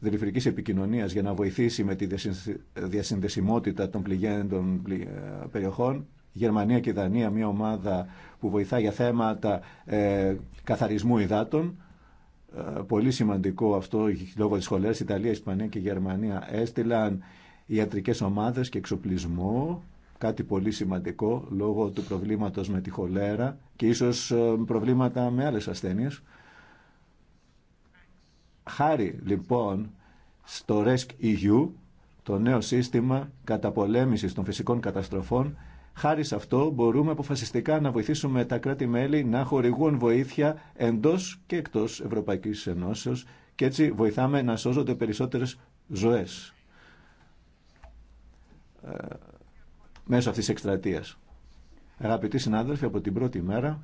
δηληφρικής επικοινωνίας για να βοηθήσει με τη διασυνδεσιμότητα των πληγέντων ε, περιοχών. Γερμανία και Δανία, μια ομάδα που βοηθά για θέματα ε, καθαρισμού υδάτων. Ε, πολύ σημαντικό αυτό λόγω της σχολές. Ιταλία, Ισπανία και Γερμανία έστειλαν ιατρικές ομάδες και εξοπλισμό. Κάτι πολύ σημαντικό λόγω του προβλήματος με τη χολέρα και ίσως προβλήματα με άλλες ασθένειες. Χάρη λοιπόν στο RESC-EU, το νέο σύστημα καταπολέμησης των φυσικών καταστροφών, χάρη σε αυτό μπορούμε αποφασιστικά να βοηθήσουμε τα κράτη-μέλη να χορηγούν βοήθεια εντός και εκτός Ευρωπαϊκής Ενώσεως και έτσι βοηθάμε να σώζονται περισσότερες ζωές ε, μέσω αυτής της εκστρατείας. Αγαπητοί συνάδελφοι, από την πρώτη μέρα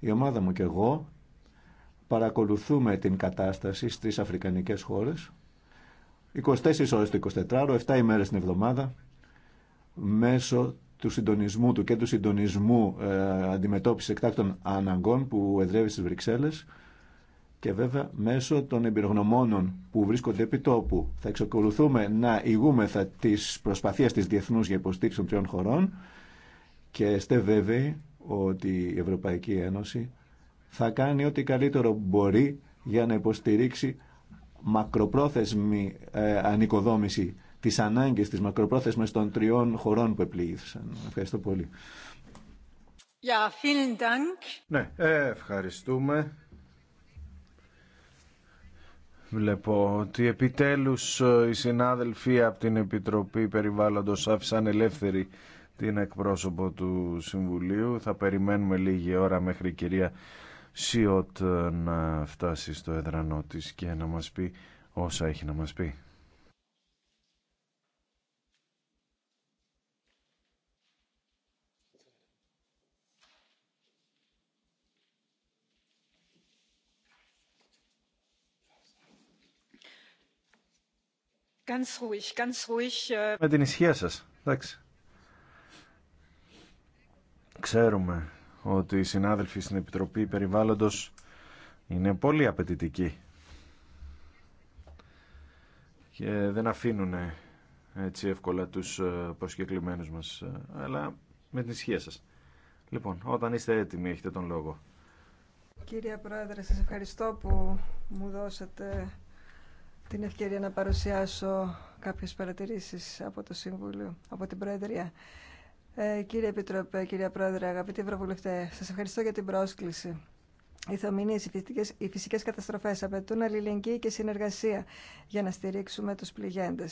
η ομάδα μου και εγώ Παρακολουθούμε την κατάσταση στις αφρικανικές χώρες. 24 ώρες το 24ωρο, 7 ημέρες την εβδομάδα, μέσω του συντονισμού, του και του συντονισμού ε, αντιμετώπισης εκτάκτων αναγκών που εδρεύει στις Βρυξέλλες και βέβαια μέσω των εμπειρογνωμόνων που βρίσκονται επί τόπου. Θα εξακολουθούμε να ηγούμεθα τις προσπαθίες της διεθνούς για υποστήριξη των τριών χωρών και είστε βέβαιοι ότι η Ευρωπαϊκή Ένωση θα κάνει ό,τι καλύτερο μπορεί για να υποστηρίξει μακροπρόθεσμη ε, ανοικοδόμηση τις ανάγκες της μακροπρόθεσμες των τριών χωρών που επλήγησαν. Ευχαριστώ πολύ. Ja, vielen Dank. Ναι, ε, ευχαριστούμε. Βλέπω ότι επιτέλους ε, οι συνάδελφοί από την Επιτροπή Περιβάλλοντος άφησαν ελεύθερη την εκπρόσωπο του Συμβουλίου. Θα περιμένουμε λίγη ώρα μέχρι η κυρία Σιωτ να φτάσει στο έδρανό της και να μας πει όσα έχει να μας πει. Äh, Με την ισχύα σας, εντάξει. Ξέρουμε ότι οι συνάδελφοι στην Επιτροπή Περιβάλλοντος είναι πολύ απαιτητικοί και δεν αφήνουν ε, έτσι εύκολα τους ε, προσκεκλημένους μας, ε, αλλά με την ισχύα σας. Λοιπόν, όταν είστε έτοιμοι έχετε τον λόγο. Κύριε Πρόεδρε, σας ευχαριστώ που μου δώσατε την ευκαιρία να παρουσιάσω κάποιες παρατηρήσεις από το Συμβούλιο, από την Προεδρία. Ε, κύριε Επιτροπέ, κύριε Πρόεδρε, αγαπητοί Ευρωβουλευτέ, σα ευχαριστώ για την πρόσκληση. Οι θεομηνίε, οι φυσικέ καταστροφέ απαιτούν αλληλεγγύη και συνεργασία για να στηρίξουμε του πληγέντε.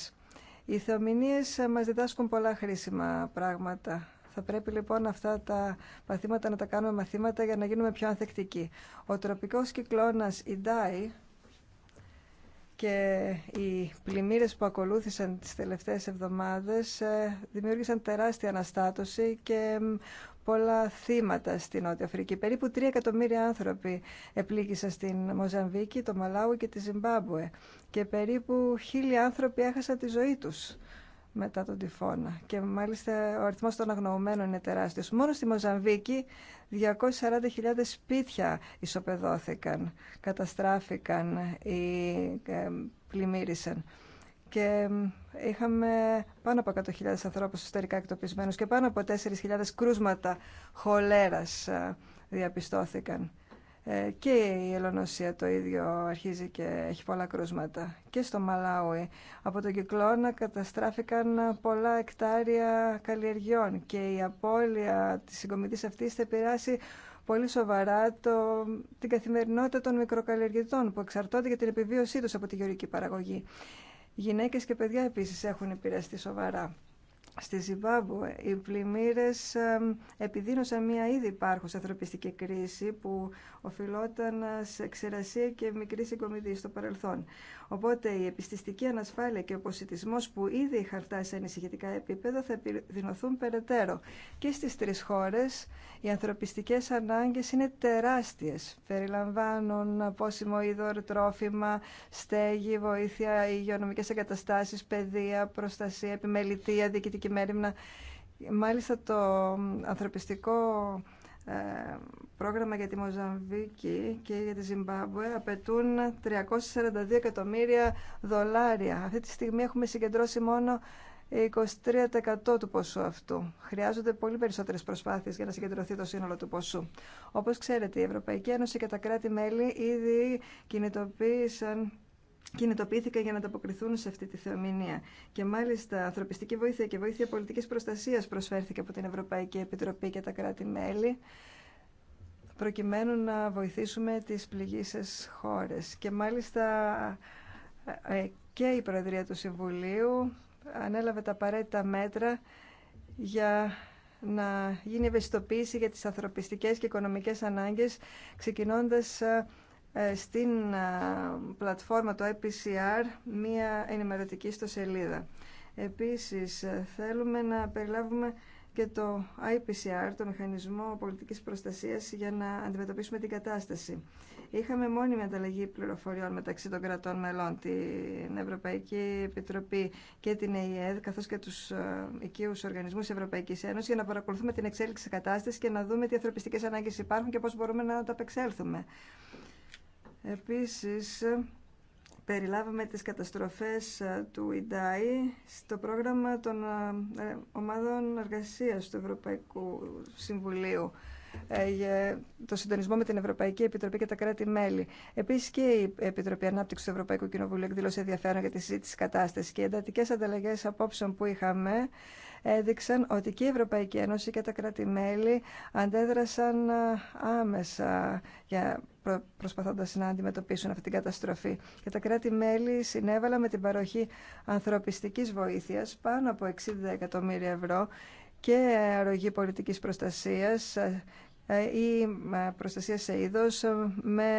Οι θεομηνίε μα διδάσκουν πολλά χρήσιμα πράγματα. Θα πρέπει λοιπόν αυτά τα παθήματα να τα κάνουμε μαθήματα για να γίνουμε πιο ανθεκτικοί. Ο τροπικό κυκλώνα Ιντάι και οι πλημμύρες που ακολούθησαν τις τελευταίες εβδομάδες ε, δημιούργησαν τεράστια αναστάτωση και πολλά θύματα στην Νότια Αφρική. Περίπου 3 εκατομμύρια άνθρωποι επλήγησαν στην Μοζαμβίκη, το Μαλάου και τη Ζιμπάμπουε και περίπου χίλιοι άνθρωποι έχασαν τη ζωή τους μετά τον τυφώνα. Και μάλιστα ο αριθμός των αγνοωμένων είναι τεράστιος. Μόνο στη Μοζαμβίκη 240.000 σπίτια ισοπεδώθηκαν, καταστράφηκαν ή ε, πλημμύρισαν. Και ε, είχαμε πάνω από 100.000 ανθρώπους εσωτερικά εκτοπισμένους και πάνω από 4.000 κρούσματα χολέρας ε, διαπιστώθηκαν. Ε, και η Ελλονοσία το ίδιο αρχίζει και έχει πολλά κρούσματα. Και στο Μαλάουι από τον κυκλώνα καταστράφηκαν πολλά εκτάρια καλλιεργιών και η απώλεια της συγκομιδής αυτής θα επηρεάσει πολύ σοβαρά το, την καθημερινότητα των μικροκαλλιεργητών που εξαρτώνται για την επιβίωσή τους από τη γεωρική παραγωγή. Γυναίκες και παιδιά επίσης έχουν επηρεαστεί σοβαρά. Στη Ζιμπάμπουε οι πλημμύρες επιδίνωσαν μια ήδη υπάρχουσα ανθρωπιστική κρίση που οφειλόταν σε εξερασία και μικρή συγκομιδή στο παρελθόν. Οπότε η επιστηστική ανασφάλεια και ο ποσιτισμός που ήδη είχαν φτάσει σε ανησυχητικά επίπεδα θα επιδεινωθούν περαιτέρω. Και στις τρεις χώρες οι ανθρωπιστικές ανάγκες είναι τεράστιες. Περιλαμβάνουν πόσιμο είδωρ, τρόφιμα, στέγη, βοήθεια, υγειονομικές εγκαταστάσεις, παιδεία, προστασία, επιμελητία, διοικητική ανθρωπιστική μέρημνα. Μάλιστα το ανθρωπιστικό ε, πρόγραμμα για τη Μοζαμβίκη και για τη Ζιμπάμπουε απαιτούν 342 εκατομμύρια δολάρια. Αυτή τη στιγμή έχουμε συγκεντρώσει μόνο 23% του ποσού αυτού. Χρειάζονται πολύ περισσότερες προσπάθειες για να συγκεντρωθεί το σύνολο του ποσού. Όπως ξέρετε, η Ευρωπαϊκή Ένωση και τα κράτη-μέλη ήδη κινητοποίησαν Κινητοποιήθηκα για να ανταποκριθούν σε αυτή τη θεομηνία. Και μάλιστα ανθρωπιστική βοήθεια και βοήθεια πολιτικής προστασίας προσφέρθηκε από την Ευρωπαϊκή Επιτροπή και τα κράτη-μέλη προκειμένου να βοηθήσουμε τις πληγήσεις χώρες. Και μάλιστα ε, και η Προεδρία του Συμβουλίου ανέλαβε τα απαραίτητα μέτρα για να γίνει ευαισθητοποίηση για τις ανθρωπιστικές και οικονομικές ανάγκες, ξεκινώντας ε, ε, στην ε, πλατφόρμα το IPCR μία ενημερωτική ιστοσελίδα. Επίσης, ε, θέλουμε να περιλάβουμε και το IPCR, το Μηχανισμό Πολιτικής Προστασίας, για να αντιμετωπίσουμε την κατάσταση. Είχαμε μόνιμη ανταλλαγή πληροφοριών μεταξύ των κρατών μελών, την Ευρωπαϊκή Επιτροπή και την ΕΕΔ καθώς και τους οικείους οργανισμούς Ευρωπαϊκής Ένωσης, για να παρακολουθούμε την εξέλιξη της κατάστασης και να δούμε τι ανθρωπιστικές ανάγκες υπάρχουν και πώς μπορούμε να απεξέλθουμε. Επίσης, περιλάβαμε τις καταστροφές ε, του ΙΝΤΑΗ στο πρόγραμμα των ε, ε, ομάδων εργασίας του Ευρωπαϊκού Συμβουλίου για το συντονισμό με την Ευρωπαϊκή Επιτροπή και τα κράτη-μέλη. Επίση και η Επιτροπή Ανάπτυξη του Ευρωπαϊκού Κοινοβουλίου εκδήλωσε ενδιαφέρον για τη συζήτηση κατάσταση και οι εντατικέ ανταλλαγέ απόψεων που είχαμε έδειξαν ότι και η Ευρωπαϊκή Ένωση και τα κράτη-μέλη αντέδρασαν ε, άμεσα για προσπαθώντας να αντιμετωπίσουν αυτή την καταστροφή. Και τα κράτη-μέλη συνέβαλαν με την παροχή ανθρωπιστικής βοήθειας πάνω από 60 εκατομμύρια ευρώ και αρρωγή πολιτικής προστασίας ε, ε, ή ε, προστασία σε είδος ε, με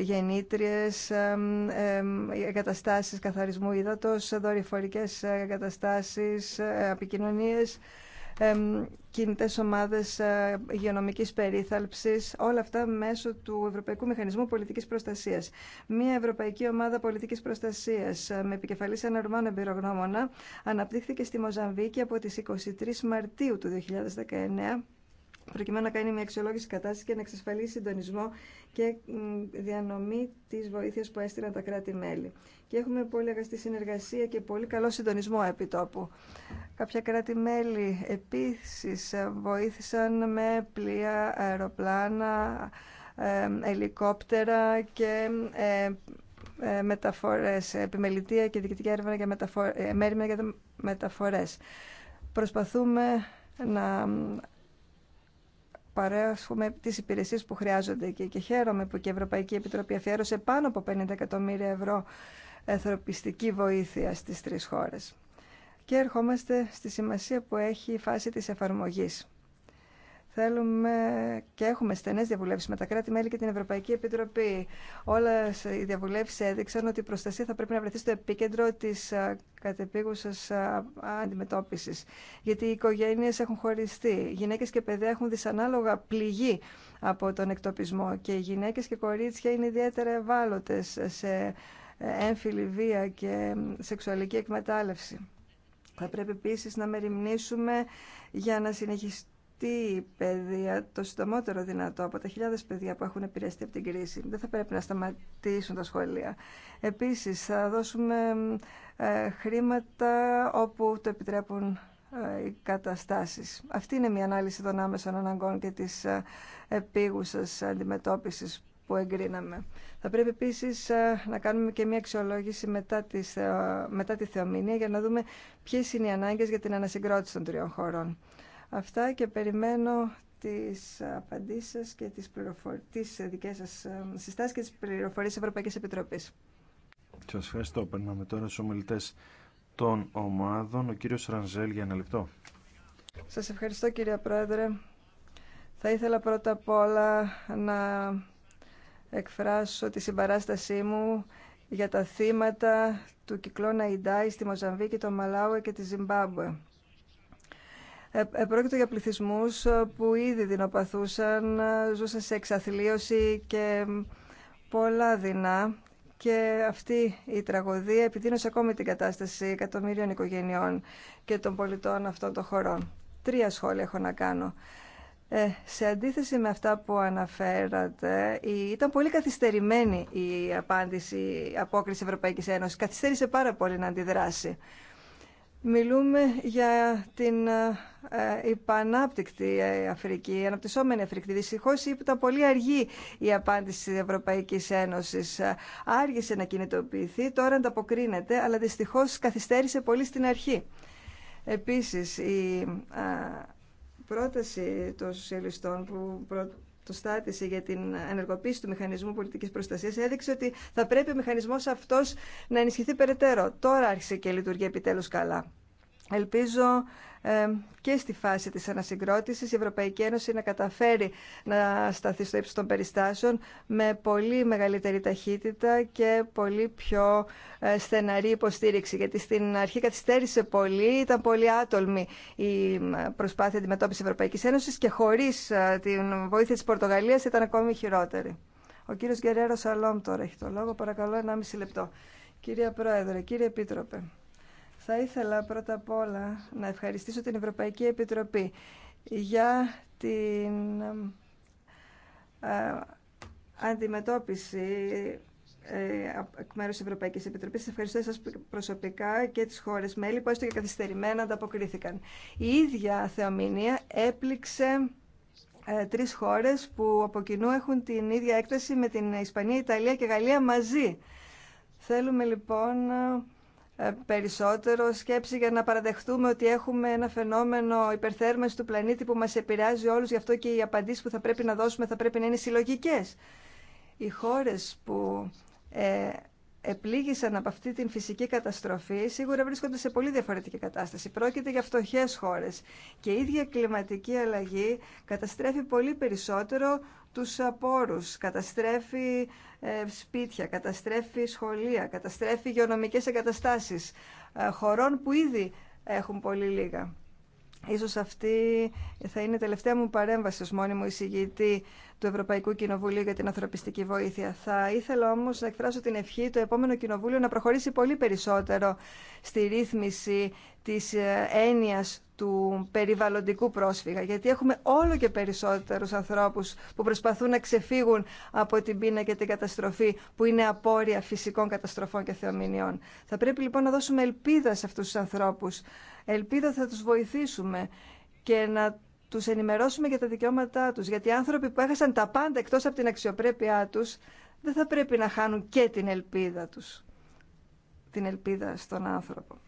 γεννήτριες, εγκαταστάσεις καθαρισμού ύδατος, δορυφορικές εγκαταστάσεις, επικοινωνίες, κινητές ομάδες υγειονομικής περίθαλψης, όλα αυτά μέσω του Ευρωπαϊκού Μηχανισμού Πολιτικής Προστασίας. Μία Ευρωπαϊκή Ομάδα Πολιτικής Προστασίας με επικεφαλής ένα εμπειρογνώμονα αναπτύχθηκε στη Μοζαμβίκη από τις 23 Μαρτίου του 2019 προκειμένου να κάνει μια αξιολόγηση κατάσταση και να εξασφαλίσει συντονισμό και διανομή τη βοήθεια που έστειλαν τα κράτη-μέλη. Και έχουμε πολύ αγαστή συνεργασία και πολύ καλό συντονισμό επί τόπου. Κάποια κράτη-μέλη επίση βοήθησαν με πλοία, αεροπλάνα, ελικόπτερα και ε, μεταφορές, επιμελητία και διοικητική έρευνα για, ε, για μεταφορές. Προσπαθούμε να παρέχουμε τις υπηρεσίες που χρειάζονται εκεί. Και χαίρομαι που και η Ευρωπαϊκή Επιτροπή αφιέρωσε πάνω από 50 εκατομμύρια ευρώ εθροπιστική βοήθεια στις τρεις χώρες. Και ερχόμαστε στη σημασία που έχει η φάση της εφαρμογής. Θέλουμε και έχουμε στενέ διαβουλεύσει με τα κράτη-μέλη και την Ευρωπαϊκή Επιτροπή. Όλε οι διαβουλεύσει έδειξαν ότι η προστασία θα πρέπει να βρεθεί στο επίκεντρο τη ε, κατεπίγουσα ε, αντιμετώπιση. Γιατί οι οικογένειε έχουν χωριστεί. Γυναίκε και παιδιά έχουν δυσανάλογα πληγή από τον εκτοπισμό και οι γυναίκε και κορίτσια είναι ιδιαίτερα ευάλωτε σε ε, έμφυλη βία και σεξουαλική εκμετάλλευση. Θα πρέπει επίση να μεριμνήσουμε για να συνεχιστεί η παιδεία το συντομότερο δυνατό από τα χιλιάδες παιδιά που έχουν επηρεαστεί από την κρίση. Δεν θα πρέπει να σταματήσουν τα σχολεία. Επίσης θα δώσουμε ε, χρήματα όπου το επιτρέπουν ε, οι καταστάσεις. Αυτή είναι μια ανάλυση των άμεσων αναγκών και της ε, επίγουσας αντιμετώπισης που εγκρίναμε. Θα πρέπει επίσης να κάνουμε και μια αξιολόγηση μετά, μετά τη θεομηνία για να δούμε ποιες είναι οι ανάγκες για την ανασυγκρότηση των τριών χωρών αυτά και περιμένω τις απαντήσεις και τις, πληροφορ... τις δικές σας ε, συστάσεις και τις πληροφορίες της Ευρωπαϊκής Επιτροπής. Σας ευχαριστώ. Περνάμε τώρα στους ομιλητές των ομάδων. Ο κύριος Ρανζέλ για ένα λεπτό. Σας ευχαριστώ κύριε Πρόεδρε. Θα ήθελα πρώτα απ' όλα να εκφράσω τη συμπαράστασή μου για τα θύματα του κυκλώνα Ιντάι στη Μοζαμβίκη, το Μαλάουε και τη Ζιμπάμπουε. Ε, ε, πρόκειται για πληθυσμού ε, που ήδη δεινοπαθούσαν, ζούσαν σε εξαθλίωση και πολλά δεινά και αυτή η τραγωδία επιδίνωσε ακόμη την κατάσταση εκατομμύριων οικογενειών και των πολιτών αυτών των χωρών. Τρία σχόλια έχω να κάνω. σε αντίθεση με αυτά που αναφέρατε, ήταν πολύ καθυστερημένη η απάντηση, η απόκριση Ευρωπαϊκής Ένωσης. Καθυστέρησε πάρα πολύ να αντιδράσει. Μιλούμε για την ε, υπανάπτυκτη ε, Αφρική, η αναπτυσσόμενη Αφρική. Δυστυχώ ήταν πολύ αργή η απάντηση τη Ευρωπαϊκή Ένωση. Ε, άργησε να κινητοποιηθεί, τώρα ανταποκρίνεται, αλλά δυστυχώ καθυστέρησε πολύ στην αρχή. Επίση, η πρόταση των σοσιαλιστών που το στάτησε για την ενεργοποίηση του μηχανισμού πολιτική προστασία έδειξε ότι θα πρέπει ο μηχανισμό αυτό να ενισχυθεί περαιτέρω. Τώρα άρχισε και λειτουργεί επιτέλου καλά. Ελπίζω και στη φάση της ανασυγκρότησης η Ευρωπαϊκή Ένωση να καταφέρει να σταθεί στο ύψος των περιστάσεων με πολύ μεγαλύτερη ταχύτητα και πολύ πιο ε, στεναρή υποστήριξη. Γιατί στην αρχή καθυστέρησε πολύ, ήταν πολύ άτολμη η προσπάθεια αντιμετώπισης Ευρωπαϊκής Ένωσης και χωρίς ε, την βοήθεια της Πορτογαλίας ήταν ακόμη χειρότερη. Ο κύριος Γκερέρο Σαλόμ τώρα έχει το λόγο. Παρακαλώ, 1,5 λεπτό. Κυρία Πρόεδρε, κύριε Επίτροπε. Θα ήθελα πρώτα απ' όλα να ευχαριστήσω την Ευρωπαϊκή Επιτροπή για την ε, αντιμετώπιση ε, εκ μέρου τη Ευρωπαϊκή Επιτροπή. ευχαριστώ εσά προσωπικά και τι χώρε μέλη που έστω και καθυστερημένα ανταποκρίθηκαν. Η ίδια θεομηνία έπληξε ε, τρει χώρε που από κοινού έχουν την ίδια έκταση με την Ισπανία, Ιταλία και Γαλλία μαζί. Θέλουμε λοιπόν ε, περισσότερο σκέψη για να παραδεχτούμε ότι έχουμε ένα φαινόμενο υπερθέρμανση του πλανήτη που μας επηρεάζει όλους, γι' αυτό και οι απαντήσεις που θα πρέπει να δώσουμε θα πρέπει να είναι συλλογικές. Οι χώρες που ε, επλήγησαν από αυτή την φυσική καταστροφή σίγουρα βρίσκονται σε πολύ διαφορετική κατάσταση. Πρόκειται για φτωχέ χώρε και η ίδια κλιματική αλλαγή καταστρέφει πολύ περισσότερο τους απόρου. καταστρέφει ε, σπίτια, καταστρέφει σχολεία, καταστρέφει γεωνομικές εγκαταστάσεις ε, χωρών που ήδη έχουν πολύ λίγα. Ίσως αυτή θα είναι η τελευταία μου παρέμβαση ως μόνιμο εισηγητή του Ευρωπαϊκού Κοινοβουλίου για την ανθρωπιστική βοήθεια. Θα ήθελα όμως να εκφράσω την ευχή το επόμενο Κοινοβούλιο να προχωρήσει πολύ περισσότερο στη ρύθμιση της ε, έννοιας του περιβαλλοντικού πρόσφυγα, γιατί έχουμε όλο και περισσότερους ανθρώπους που προσπαθούν να ξεφύγουν από την πείνα και την καταστροφή που είναι απόρρια φυσικών καταστροφών και θεομηνιών. Θα πρέπει λοιπόν να δώσουμε ελπίδα σε αυτούς τους ανθρώπους. Ελπίδα θα τους βοηθήσουμε και να τους ενημερώσουμε για τα δικαιώματά τους, γιατί οι άνθρωποι που έχασαν τα πάντα εκτός από την αξιοπρέπειά τους δεν θα πρέπει να χάνουν και την ελπίδα τους, την ελπίδα στον άνθρωπο.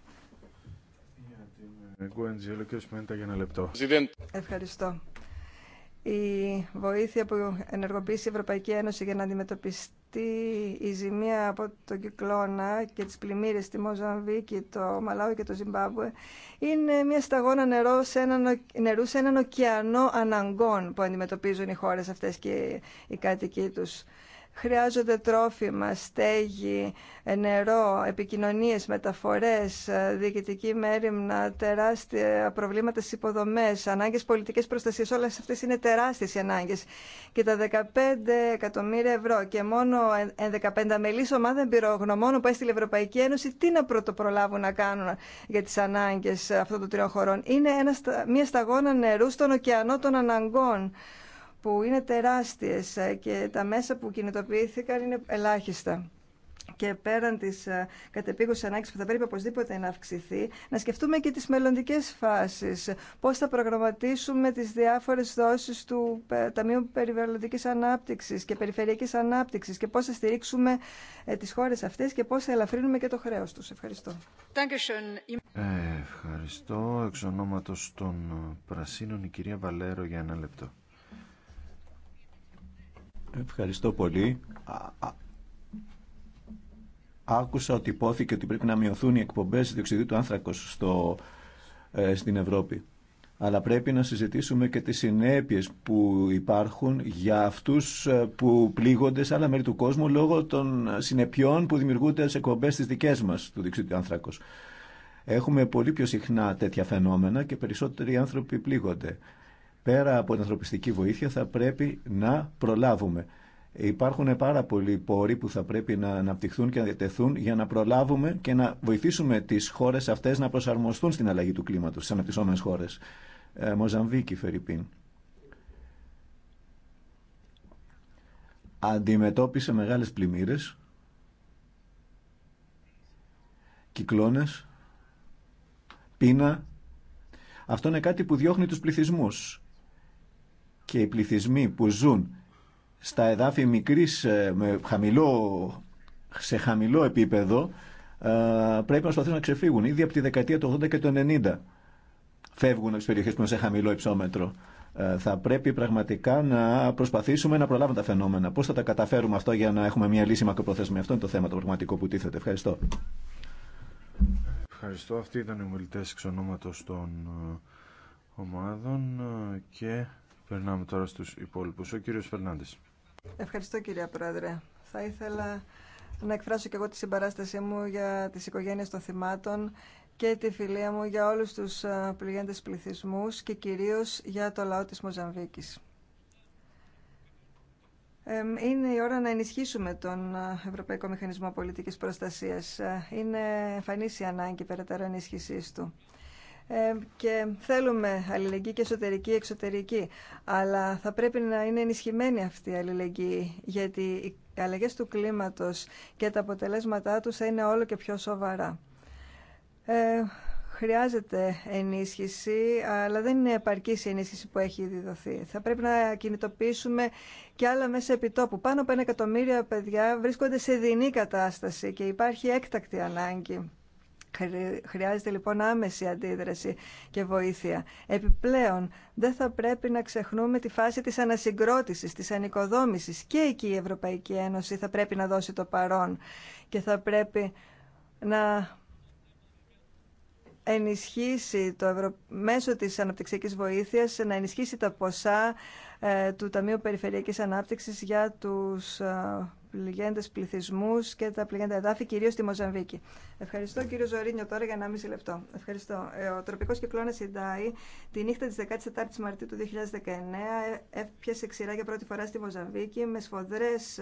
Ευχαριστώ. Η βοήθεια που ενεργοποιήσει η Ευρωπαϊκή Ένωση για να αντιμετωπιστεί η ζημία από τον κυκλώνα και τις πλημμύρες στη Μοζαμβίκη, το Μαλάου και το Ζιμπάμπουε είναι μια σταγόνα νερό σε νερού σε έναν ωκεανό αναγκών που αντιμετωπίζουν οι χώρες αυτές και οι κάτοικοί τους χρειάζονται τρόφιμα, στέγη, νερό, επικοινωνίες, μεταφορές, ε, διοικητική μέρημνα, τεράστια προβλήματα στις υποδομές, ανάγκες πολιτικές προστασίας. Όλες αυτές είναι τεράστιες οι ανάγκες. Και τα 15 εκατομμύρια ευρώ και μόνο 15 μελής ομάδα εμπειρογνωμών που έστειλε η Ευρωπαϊκή Ένωση, τι να πρωτοπρολάβουν να κάνουν για τις ανάγκες αυτών των τριών χωρών. Είναι μια σταγόνα νερού στον ωκεανό των αναγκών που είναι τεράστιες ε, και τα μέσα που κινητοποιήθηκαν είναι ελάχιστα και πέραν τη ε, κατεπίγουσα ανάγκη που θα πρέπει οπωσδήποτε να αυξηθεί, να σκεφτούμε και τι μελλοντικέ φάσει. Πώ θα προγραμματίσουμε τι διάφορε δόσει του ε, Ταμείου Περιβαλλοντική Ανάπτυξη και Περιφερειακή Ανάπτυξη και πώ θα στηρίξουμε τι χώρε αυτέ και πώ θα ελαφρύνουμε και το χρέο του. Ευχαριστώ. ευχαριστώ. Εξ ονόματο των Πρασίνων, η κυρία Βαλέρο για ένα λεπτό. Ευχαριστώ πολύ. Άκουσα ότι υπόθηκε ότι πρέπει να μειωθούν οι εκπομπές διοξιδίου του άνθρακος στο, ε, στην Ευρώπη. Αλλά πρέπει να συζητήσουμε και τις συνέπειες που υπάρχουν για αυτούς ε, που πλήγονται σε άλλα μέρη του κόσμου λόγω των συνεπειών που δημιουργούνται σε εκπομπές στις δικές μας του διοξιδίου του άνθρακος. Έχουμε πολύ πιο συχνά τέτοια φαινόμενα και περισσότεροι άνθρωποι πλήγονται πέρα από την ανθρωπιστική βοήθεια θα πρέπει να προλάβουμε. Υπάρχουν πάρα πολλοί πόροι που θα πρέπει να αναπτυχθούν και να διατεθούν για να προλάβουμε και να βοηθήσουμε τις χώρες αυτές να προσαρμοστούν στην αλλαγή του κλίματος, στι αναπτυσσόμενε χώρες. Ε, Μοζαμβίκη, Φερρυπίν. Αντιμετώπισε μεγάλες πλημμύρες, κυκλώνε, πείνα. Αυτό είναι κάτι που διώχνει του πληθυσμού και οι πληθυσμοί που ζουν στα εδάφη μικρής, ε, με χαμηλό, σε χαμηλό επίπεδο ε, πρέπει να προσπαθήσουν να ξεφύγουν ήδη από τη δεκαετία του 80 και του 90 φεύγουν από τις περιοχές που είναι σε χαμηλό υψόμετρο ε, θα πρέπει πραγματικά να προσπαθήσουμε να προλάβουμε τα φαινόμενα. Πώς θα τα καταφέρουμε αυτό για να έχουμε μια λύση μακροπρόθεσμη. Αυτό είναι το θέμα το πραγματικό που τίθεται. Ευχαριστώ. Ευχαριστώ. Αυτοί ήταν οι ομιλητές εξ των ομάδων και Περνάμε τώρα στους υπόλοιπους. Ο κύριος Φερνάντης. Ευχαριστώ κυρία Πρόεδρε. Θα ήθελα να εκφράσω και εγώ τη συμπαράστασή μου για τις οικογένειες των θυμάτων και τη φιλία μου για όλους τους ε, πληγέντες πληθυσμούς και κυρίως για το λαό της Μοζαμβίκης. Είναι η ώρα να ενισχύσουμε τον ε, Ευρωπαϊκό Μηχανισμό Πολιτικής Προστασίας. Ε, είναι εμφανής η ανάγκη περαιτέρω ενίσχυσή του. Ε, και θέλουμε αλληλεγγύη και εσωτερική, εξωτερική. Αλλά θα πρέπει να είναι ενισχυμένη αυτή η αλληλεγγύη, γιατί οι αλλαγέ του κλίματος και τα αποτελέσματά τους θα είναι όλο και πιο σοβαρά. Ε, χρειάζεται ενίσχυση, αλλά δεν είναι επαρκή η ενίσχυση που έχει διδοθεί. Θα πρέπει να κινητοποιήσουμε και άλλα μέσα επιτόπου. Πάνω από ένα εκατομμύριο παιδιά βρίσκονται σε δινή κατάσταση και υπάρχει έκτακτη ανάγκη Χρειάζεται λοιπόν άμεση αντίδραση και βοήθεια. Επιπλέον, δεν θα πρέπει να ξεχνούμε τη φάση της ανασυγκρότησης, της ανοικοδόμησης. Και εκεί η Ευρωπαϊκή Ένωση θα πρέπει να δώσει το παρόν και θα πρέπει να ενισχύσει το μέσω της αναπτυξιακής βοήθειας να ενισχύσει τα ποσά ε, του Ταμείου Περιφερειακής Ανάπτυξης για τους ε, πληγέντες πληθυσμούς και τα πληγέντα εδάφη, κυρίως στη Μοζαμβίκη. Ευχαριστώ κύριο Ζωρίνιο τώρα για ένα μισή λεπτό. Ευχαριστώ. Ε, ο τροπικός κυκλώνας Ιντάι τη νύχτα της 14ης Μαρτίου του 2019 έπιασε ξηρά για πρώτη φορά στη Μοζαμβίκη με σφοδρές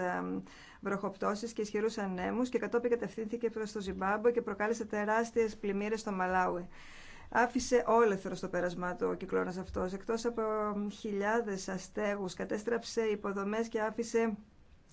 βροχοπτώσεις και ισχυρούς ανέμους και κατόπιν κατευθύνθηκε προς το Ζιμπάμπο και προκάλεσε τεράστιες πλημμύρες στο Μαλάουι άφησε όλεθρο στο πέρασμά του ο κυκλώνα αυτό, εκτό από χιλιάδες αστέγους, κατέστραψε υποδομές και άφησε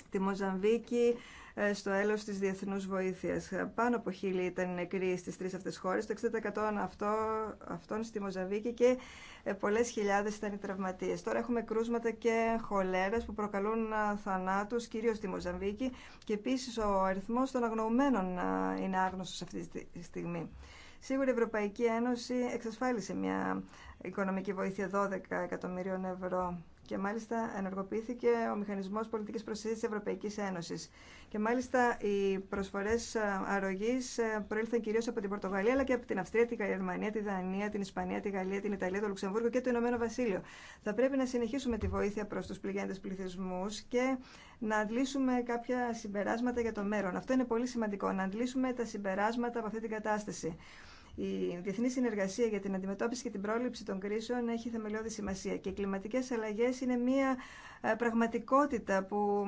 τη Μοζαμβίκη, ε, στο έλος της διεθνούς βοήθειας. Ε, πάνω από χίλιοι ήταν νεκροί στις τρεις αυτές χώρες, το 60% αυτών στη Μοζαβίκη και ε, πολλές χιλιάδες ήταν οι τραυματίες. Τώρα έχουμε κρούσματα και χολέρες που προκαλούν θανάτους, κυρίως στη Μοζαμβίκη και επίσης ο αριθμός των αγνοωμένων είναι άγνωστος αυτή τη στιγμή. Σίγουρα η Ευρωπαϊκή Ένωση εξασφάλισε μια οικονομική βοήθεια 12 εκατομμυρίων ευρώ και μάλιστα ενεργοποιήθηκε ο μηχανισμό πολιτική προστασία τη Ευρωπαϊκή Ένωση. Και μάλιστα οι προσφορέ ε, αρρωγή ε, προήλθαν κυρίω από την Πορτογαλία, αλλά και από την Αυστρία, την Γερμανία, τη Δανία, την Ισπανία, τη Γαλλία, την Ιταλία, το Λουξεμβούργο και το Ηνωμένο Βασίλειο. Θα πρέπει να συνεχίσουμε τη βοήθεια προ του πληγέντε πληθυσμού και να αντλήσουμε κάποια συμπεράσματα για το μέλλον. Αυτό είναι πολύ σημαντικό, να αντλήσουμε τα συμπεράσματα από αυτή την κατάσταση. Η διεθνή συνεργασία για την αντιμετώπιση και την πρόληψη των κρίσεων έχει θεμελιώδη σημασία και οι κλιματικέ αλλαγέ είναι μια ε, πραγματικότητα που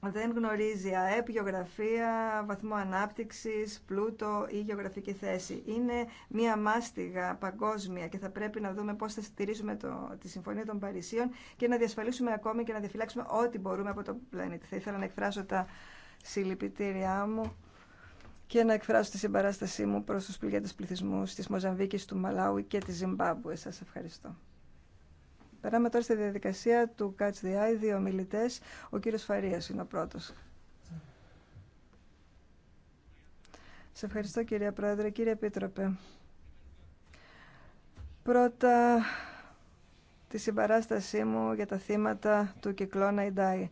δεν γνωρίζει ΑΕΠ, γεωγραφία, βαθμό ανάπτυξης, πλούτο ή γεωγραφική θέση. Είναι μία μάστιγα παγκόσμια και θα πρέπει να δούμε πώς θα στηρίζουμε το, τη Συμφωνία των Παρισίων και να διασφαλίσουμε ακόμη και να διαφυλάξουμε ό,τι μπορούμε από το πλανήτη. Θα ήθελα να εκφράσω τα συλληπιτήριά μου και να εκφράσω τη συμπαράστασή μου προς τους πληγέντες πληθυσμούς της Μοζαμβίκης, του Μαλάου και της Ζιμπάμπου, Σας ευχαριστώ. Περάμε τώρα στη διαδικασία του Catch the Eye, δύο μιλητές. Ο κύριος Φαρίας είναι ο πρώτος. Σε ευχαριστώ κύριε Πρόεδρε, κύριε Επίτροπε. Πρώτα τη συμπαράστασή μου για τα θύματα του κυκλώνα Ιντάι.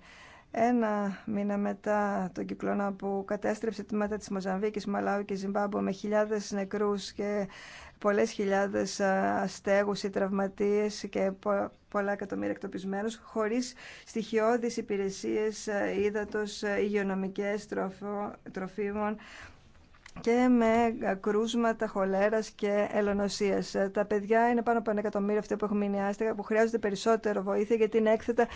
Ένα μήνα μετά τον κυκλώνα που κατέστρεψε τη μάτα της Μοζαμβίκης, Μαλάου και Ζιμπάμπο με χιλιάδες νεκρούς και πολλές χιλιάδες αστέγους ή τραυματίες και πολλά εκατομμύρια εκτοπισμένους, χωρίς στοιχειώδεις υπηρεσίες ε, ύδατος, ε, υγειονομικές, τροφίμων, και με κρούσματα χολέρας και ελονοσίας. Τα παιδιά είναι πάνω από ένα εκατομμύριο αυτοί που έχουν μείνει άστεγα, που χρειάζονται περισσότερο βοήθεια γιατί είναι έκθετα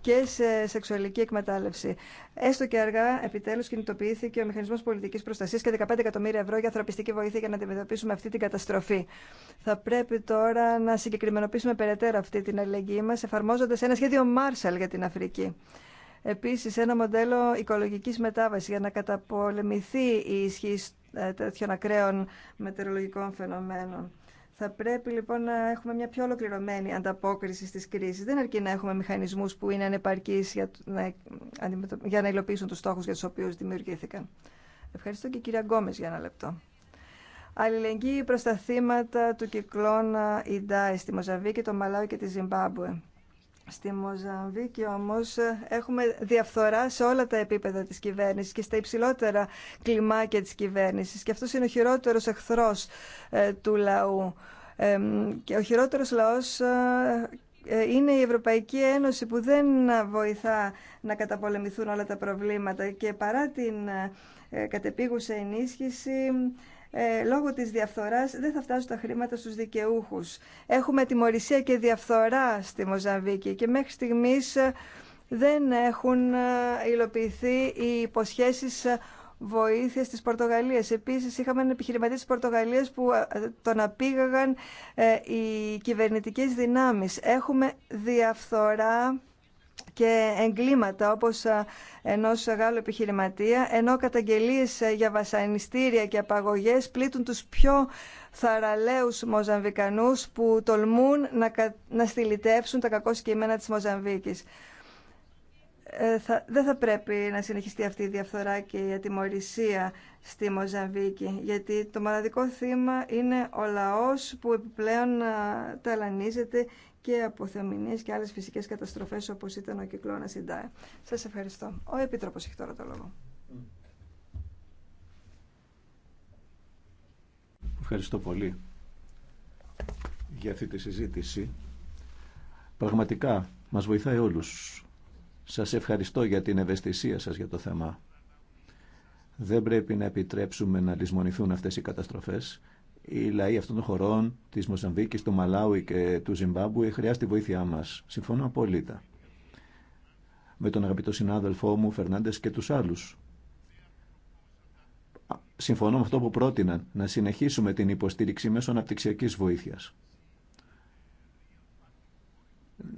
και σε σεξουαλική εκμετάλλευση. Έστω και αργά, επιτέλους κινητοποιήθηκε ο Μηχανισμός Πολιτικής Προστασίας και 15 εκατομμύρια ευρώ για ανθρωπιστική βοήθεια για να αντιμετωπίσουμε αυτή την καταστροφή. Θα πρέπει τώρα να συγκεκριμενοποιήσουμε περαιτέρω αυτή την αλληλεγγύη μας, εφαρμόζοντα ένα σχέδιο Marshall για την Αφρική. Επίσης, ένα μοντέλο οικολογικής μετάβασης για να καταπολεμηθεί η ισχύ ε, τέτοιων ακραίων μετεωρολογικών φαινομένων. Θα πρέπει λοιπόν να έχουμε μια πιο ολοκληρωμένη ανταπόκριση στις κρίσεις. Δεν αρκεί να έχουμε μηχανισμούς που είναι ανεπαρκείς για να, υλοποιήσουν τους στόχους για τους οποίους δημιουργήθηκαν. Ευχαριστώ και κυρία Γκόμες για ένα λεπτό. Αλληλεγγύη προς τα θύματα του κυκλώνα Ιντάι στη και το Μαλάου και τη Ζιμπάμπουε. Στη Μοζαμβίκη όμως ε, έχουμε διαφθορά σε όλα τα επίπεδα της κυβέρνησης και στα υψηλότερα κλιμάκια της κυβέρνησης και αυτός είναι ο χειρότερος εχθρός ε, του λαού. και ο χειρότερος λαός ε, είναι η Ευρωπαϊκή Ένωση που δεν βοηθά να καταπολεμηθούν όλα τα προβλήματα και παρά την κατεπίγουσα ενίσχυση ε, λόγω της διαφθοράς δεν θα φτάσουν τα χρήματα στους δικαιούχους. Έχουμε τιμωρησία και διαφθορά στη Μοζαβίκη και μέχρι στιγμής ε, δεν έχουν ε, υλοποιηθεί οι υποσχέσεις ε, βοήθειας της Πορτογαλίας. Επίσης είχαμε έναν επιχειρηματή της Πορτογαλίας που τον απήγαγαν οι κυβερνητικές δυνάμεις. Έχουμε διαφθορά και εγκλήματα όπως ενός Γάλλου επιχειρηματία, ενώ καταγγελίες για βασανιστήρια και απαγωγές πλήττουν τους πιο θαραλέους Μοζαμβικανούς που τολμούν να, να στυλιτεύσουν τα κακό σκήμενα της Μοζαμβίκης. Ε, δεν θα πρέπει να συνεχιστεί αυτή η διαφθορά και η ατιμορρησία στη Μοζαμβίκη, γιατί το μοναδικό θύμα είναι ο λαός που επιπλέον ταλανίζεται και από θεομηνίε και άλλες φυσικές καταστροφές όπως ήταν ο κυκλώνας Ιντάε. Σας ευχαριστώ. Ο Επίτροπος έχει τώρα το λόγο. Ευχαριστώ πολύ για αυτή τη συζήτηση. Πραγματικά μας βοηθάει όλους. Σας ευχαριστώ για την ευαισθησία σας για το θέμα. Δεν πρέπει να επιτρέψουμε να λησμονηθούν αυτές οι καταστροφές οι λαοί αυτών των χωρών, τη Μοζαμβίκη, του Μαλάουι και του Ζιμπάμπουε χρειάζεται βοήθειά μα. Συμφωνώ απόλυτα. Με τον αγαπητό συνάδελφό μου Φερνάντε και του άλλου. Συμφωνώ με αυτό που πρότειναν, να συνεχίσουμε την υποστήριξη μέσω αναπτυξιακή βοήθεια.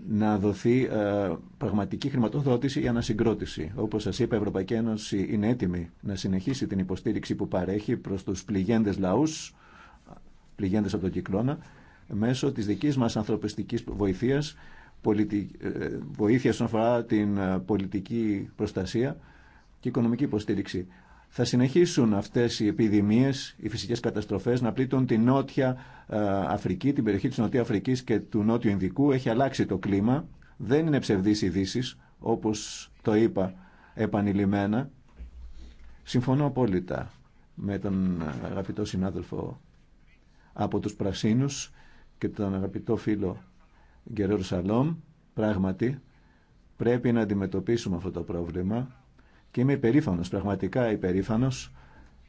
Να δοθεί ε, πραγματική χρηματοδότηση για ανασυγκρότηση. Όπω σα είπα, η Ευρωπαϊκή Ένωση είναι έτοιμη να συνεχίσει την υποστήριξη που παρέχει προ του πληγέντε λαού πληγέντε από τον κυκλώνα μέσω τη δική μα ανθρωπιστική βοηθείας, ε, βοήθεια όσον αφορά την ε, πολιτική προστασία και οικονομική υποστήριξη. Θα συνεχίσουν αυτέ οι επιδημίε, οι φυσικέ καταστροφέ, να πλήττουν την Νότια ε, Αφρική, την περιοχή τη Νότια Αφρική και του Νότιου Ινδικού. Έχει αλλάξει το κλίμα. Δεν είναι ψευδή ειδήσει, όπω το είπα επανειλημμένα. Συμφωνώ απόλυτα με τον αγαπητό συνάδελφο από τους Πρασίνους και τον αγαπητό φίλο Γκερέρο Σαλόμ, πράγματι πρέπει να αντιμετωπίσουμε αυτό το πρόβλημα και είμαι υπερήφανος, πραγματικά υπερήφανος,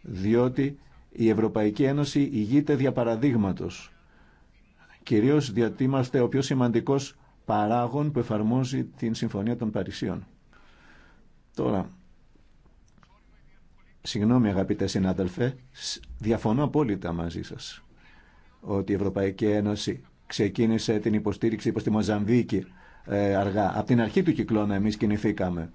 διότι η Ευρωπαϊκή Ένωση ηγείται δια παραδείγματος. Κυρίως διότι είμαστε ο πιο σημαντικός παράγων που εφαρμόζει την Συμφωνία των Παρισίων. Τώρα, συγγνώμη αγαπητέ συνάδελφε, διαφωνώ απόλυτα μαζί σας ότι η Ευρωπαϊκή Ένωση ξεκίνησε την υποστήριξη προς τη Μοζαμβίκη ε, αργά. Από την αρχή του κυκλώνα εμείς κινηθήκαμε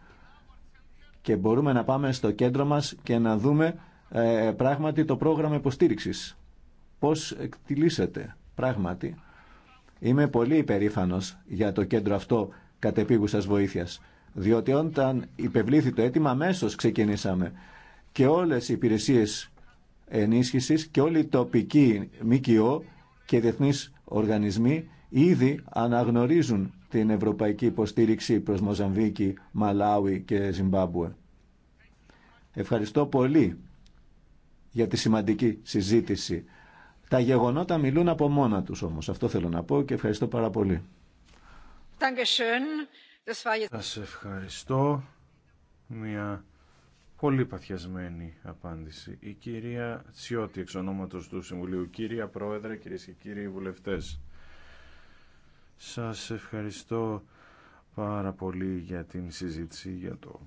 και μπορούμε να πάμε στο κέντρο μας και να δούμε ε, πράγματι το πρόγραμμα υποστήριξης. Πώς εκτιλήσεται πράγματι. Είμαι πολύ υπερήφανος για το κέντρο αυτό κατεπίγουσας βοήθειας. Διότι όταν υπευλήθη το αίτημα αμέσω ξεκινήσαμε και όλες οι υπηρεσίες ενίσχυσης και όλοι οι τοπικοί ΜΚΟ και διεθνείς οργανισμοί ήδη αναγνωρίζουν την ευρωπαϊκή υποστήριξη προς Μοζαμβίκη, Μαλάουι και Ζιμπάμπουε. Ευχαριστώ πολύ για τη σημαντική συζήτηση. Τα γεγονότα μιλούν από μόνα τους όμως. Αυτό θέλω να πω και ευχαριστώ πάρα πολύ. Σας ευχαριστώ. Μια πολύ παθιασμένη απάντηση. Η κυρία Τσιώτη, εξ ονόματος του Συμβουλίου. Κυρία Πρόεδρε, κυρίες και κύριοι βουλευτές, σας ευχαριστώ πάρα πολύ για την συζήτηση για το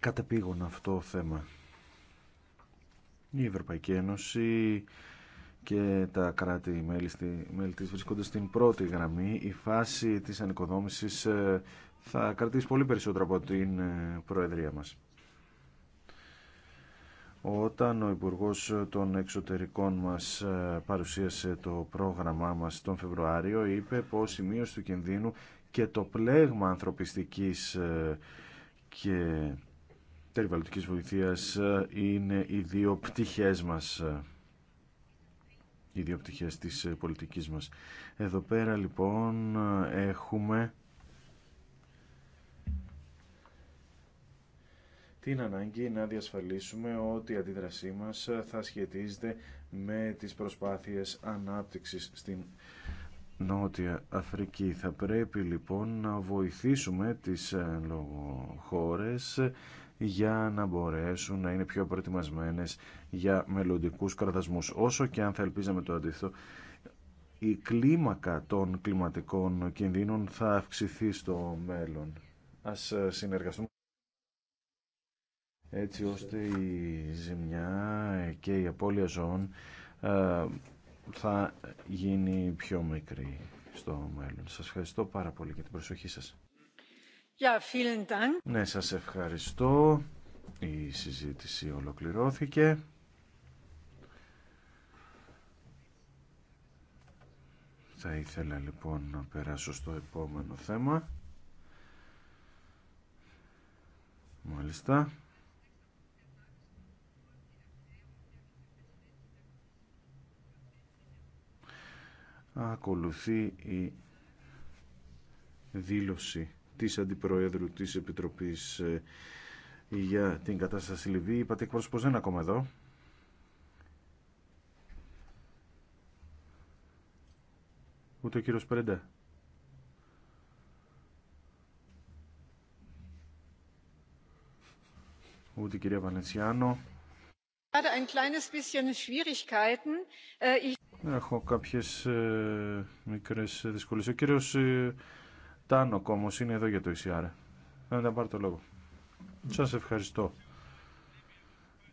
κατεπήγον αυτό θέμα. Η Ευρωπαϊκή Ένωση και τα κράτη-μέλη της βρίσκονται στην πρώτη γραμμή. Η φάση της ανοικοδόμησης ε, θα κρατήσει πολύ περισσότερο από την ε, Προεδρία μας όταν ο Υπουργός των Εξωτερικών μας ε, παρουσίασε το πρόγραμμά μας τον Φεβρουάριο είπε πως η μείωση του κινδύνου και το πλέγμα ανθρωπιστικής ε, και περιβαλλοντικής βοηθείας ε, είναι οι δύο πτυχές μας οι δύο πτυχές της πολιτικής μας. Εδώ πέρα λοιπόν έχουμε την ανάγκη να διασφαλίσουμε ότι η αντίδρασή μας ε, θα σχετίζεται με τις προσπάθειες ανάπτυξης στην Νότια Αφρική. Θα πρέπει λοιπόν να βοηθήσουμε τις ε, λόγω χώρες ε, για να μπορέσουν να είναι πιο προετοιμασμένες για μελλοντικούς κρατασμούς. Όσο και αν θα ελπίζαμε το αντίθετο, η κλίμακα των κλιματικών κινδύνων θα αυξηθεί στο μέλλον. Ας συνεργαστούμε έτσι ώστε η ζημιά και η απώλεια ζώων ε, θα γίνει πιο μικρή στο μέλλον. Σας ευχαριστώ πάρα πολύ για την προσοχή σας. Dank. ναι, σας ευχαριστώ. Η συζήτηση ολοκληρώθηκε. Θα ήθελα λοιπόν να περάσω στο επόμενο θέμα. Μάλιστα. ακολουθεί η δήλωση της Αντιπροέδρου της Επιτροπής ε, για την κατάσταση στη Λιβύη. Είπατε εκπρόσωπος δεν είναι ακόμα εδώ. Ούτε ο κύριος Πρέντα. Ούτε η κυρία Βαλενσιάνο. Ein kleines bisschen Schwierigkeiten. Äh, Έχω κάποιες ε, μικρές δυσκολίες. Ο κύριος ε, Τάνοκ όμως είναι εδώ για το ΙΣΙΑΡΕ. E Δεν θα πάρει το λόγο. Σας ευχαριστώ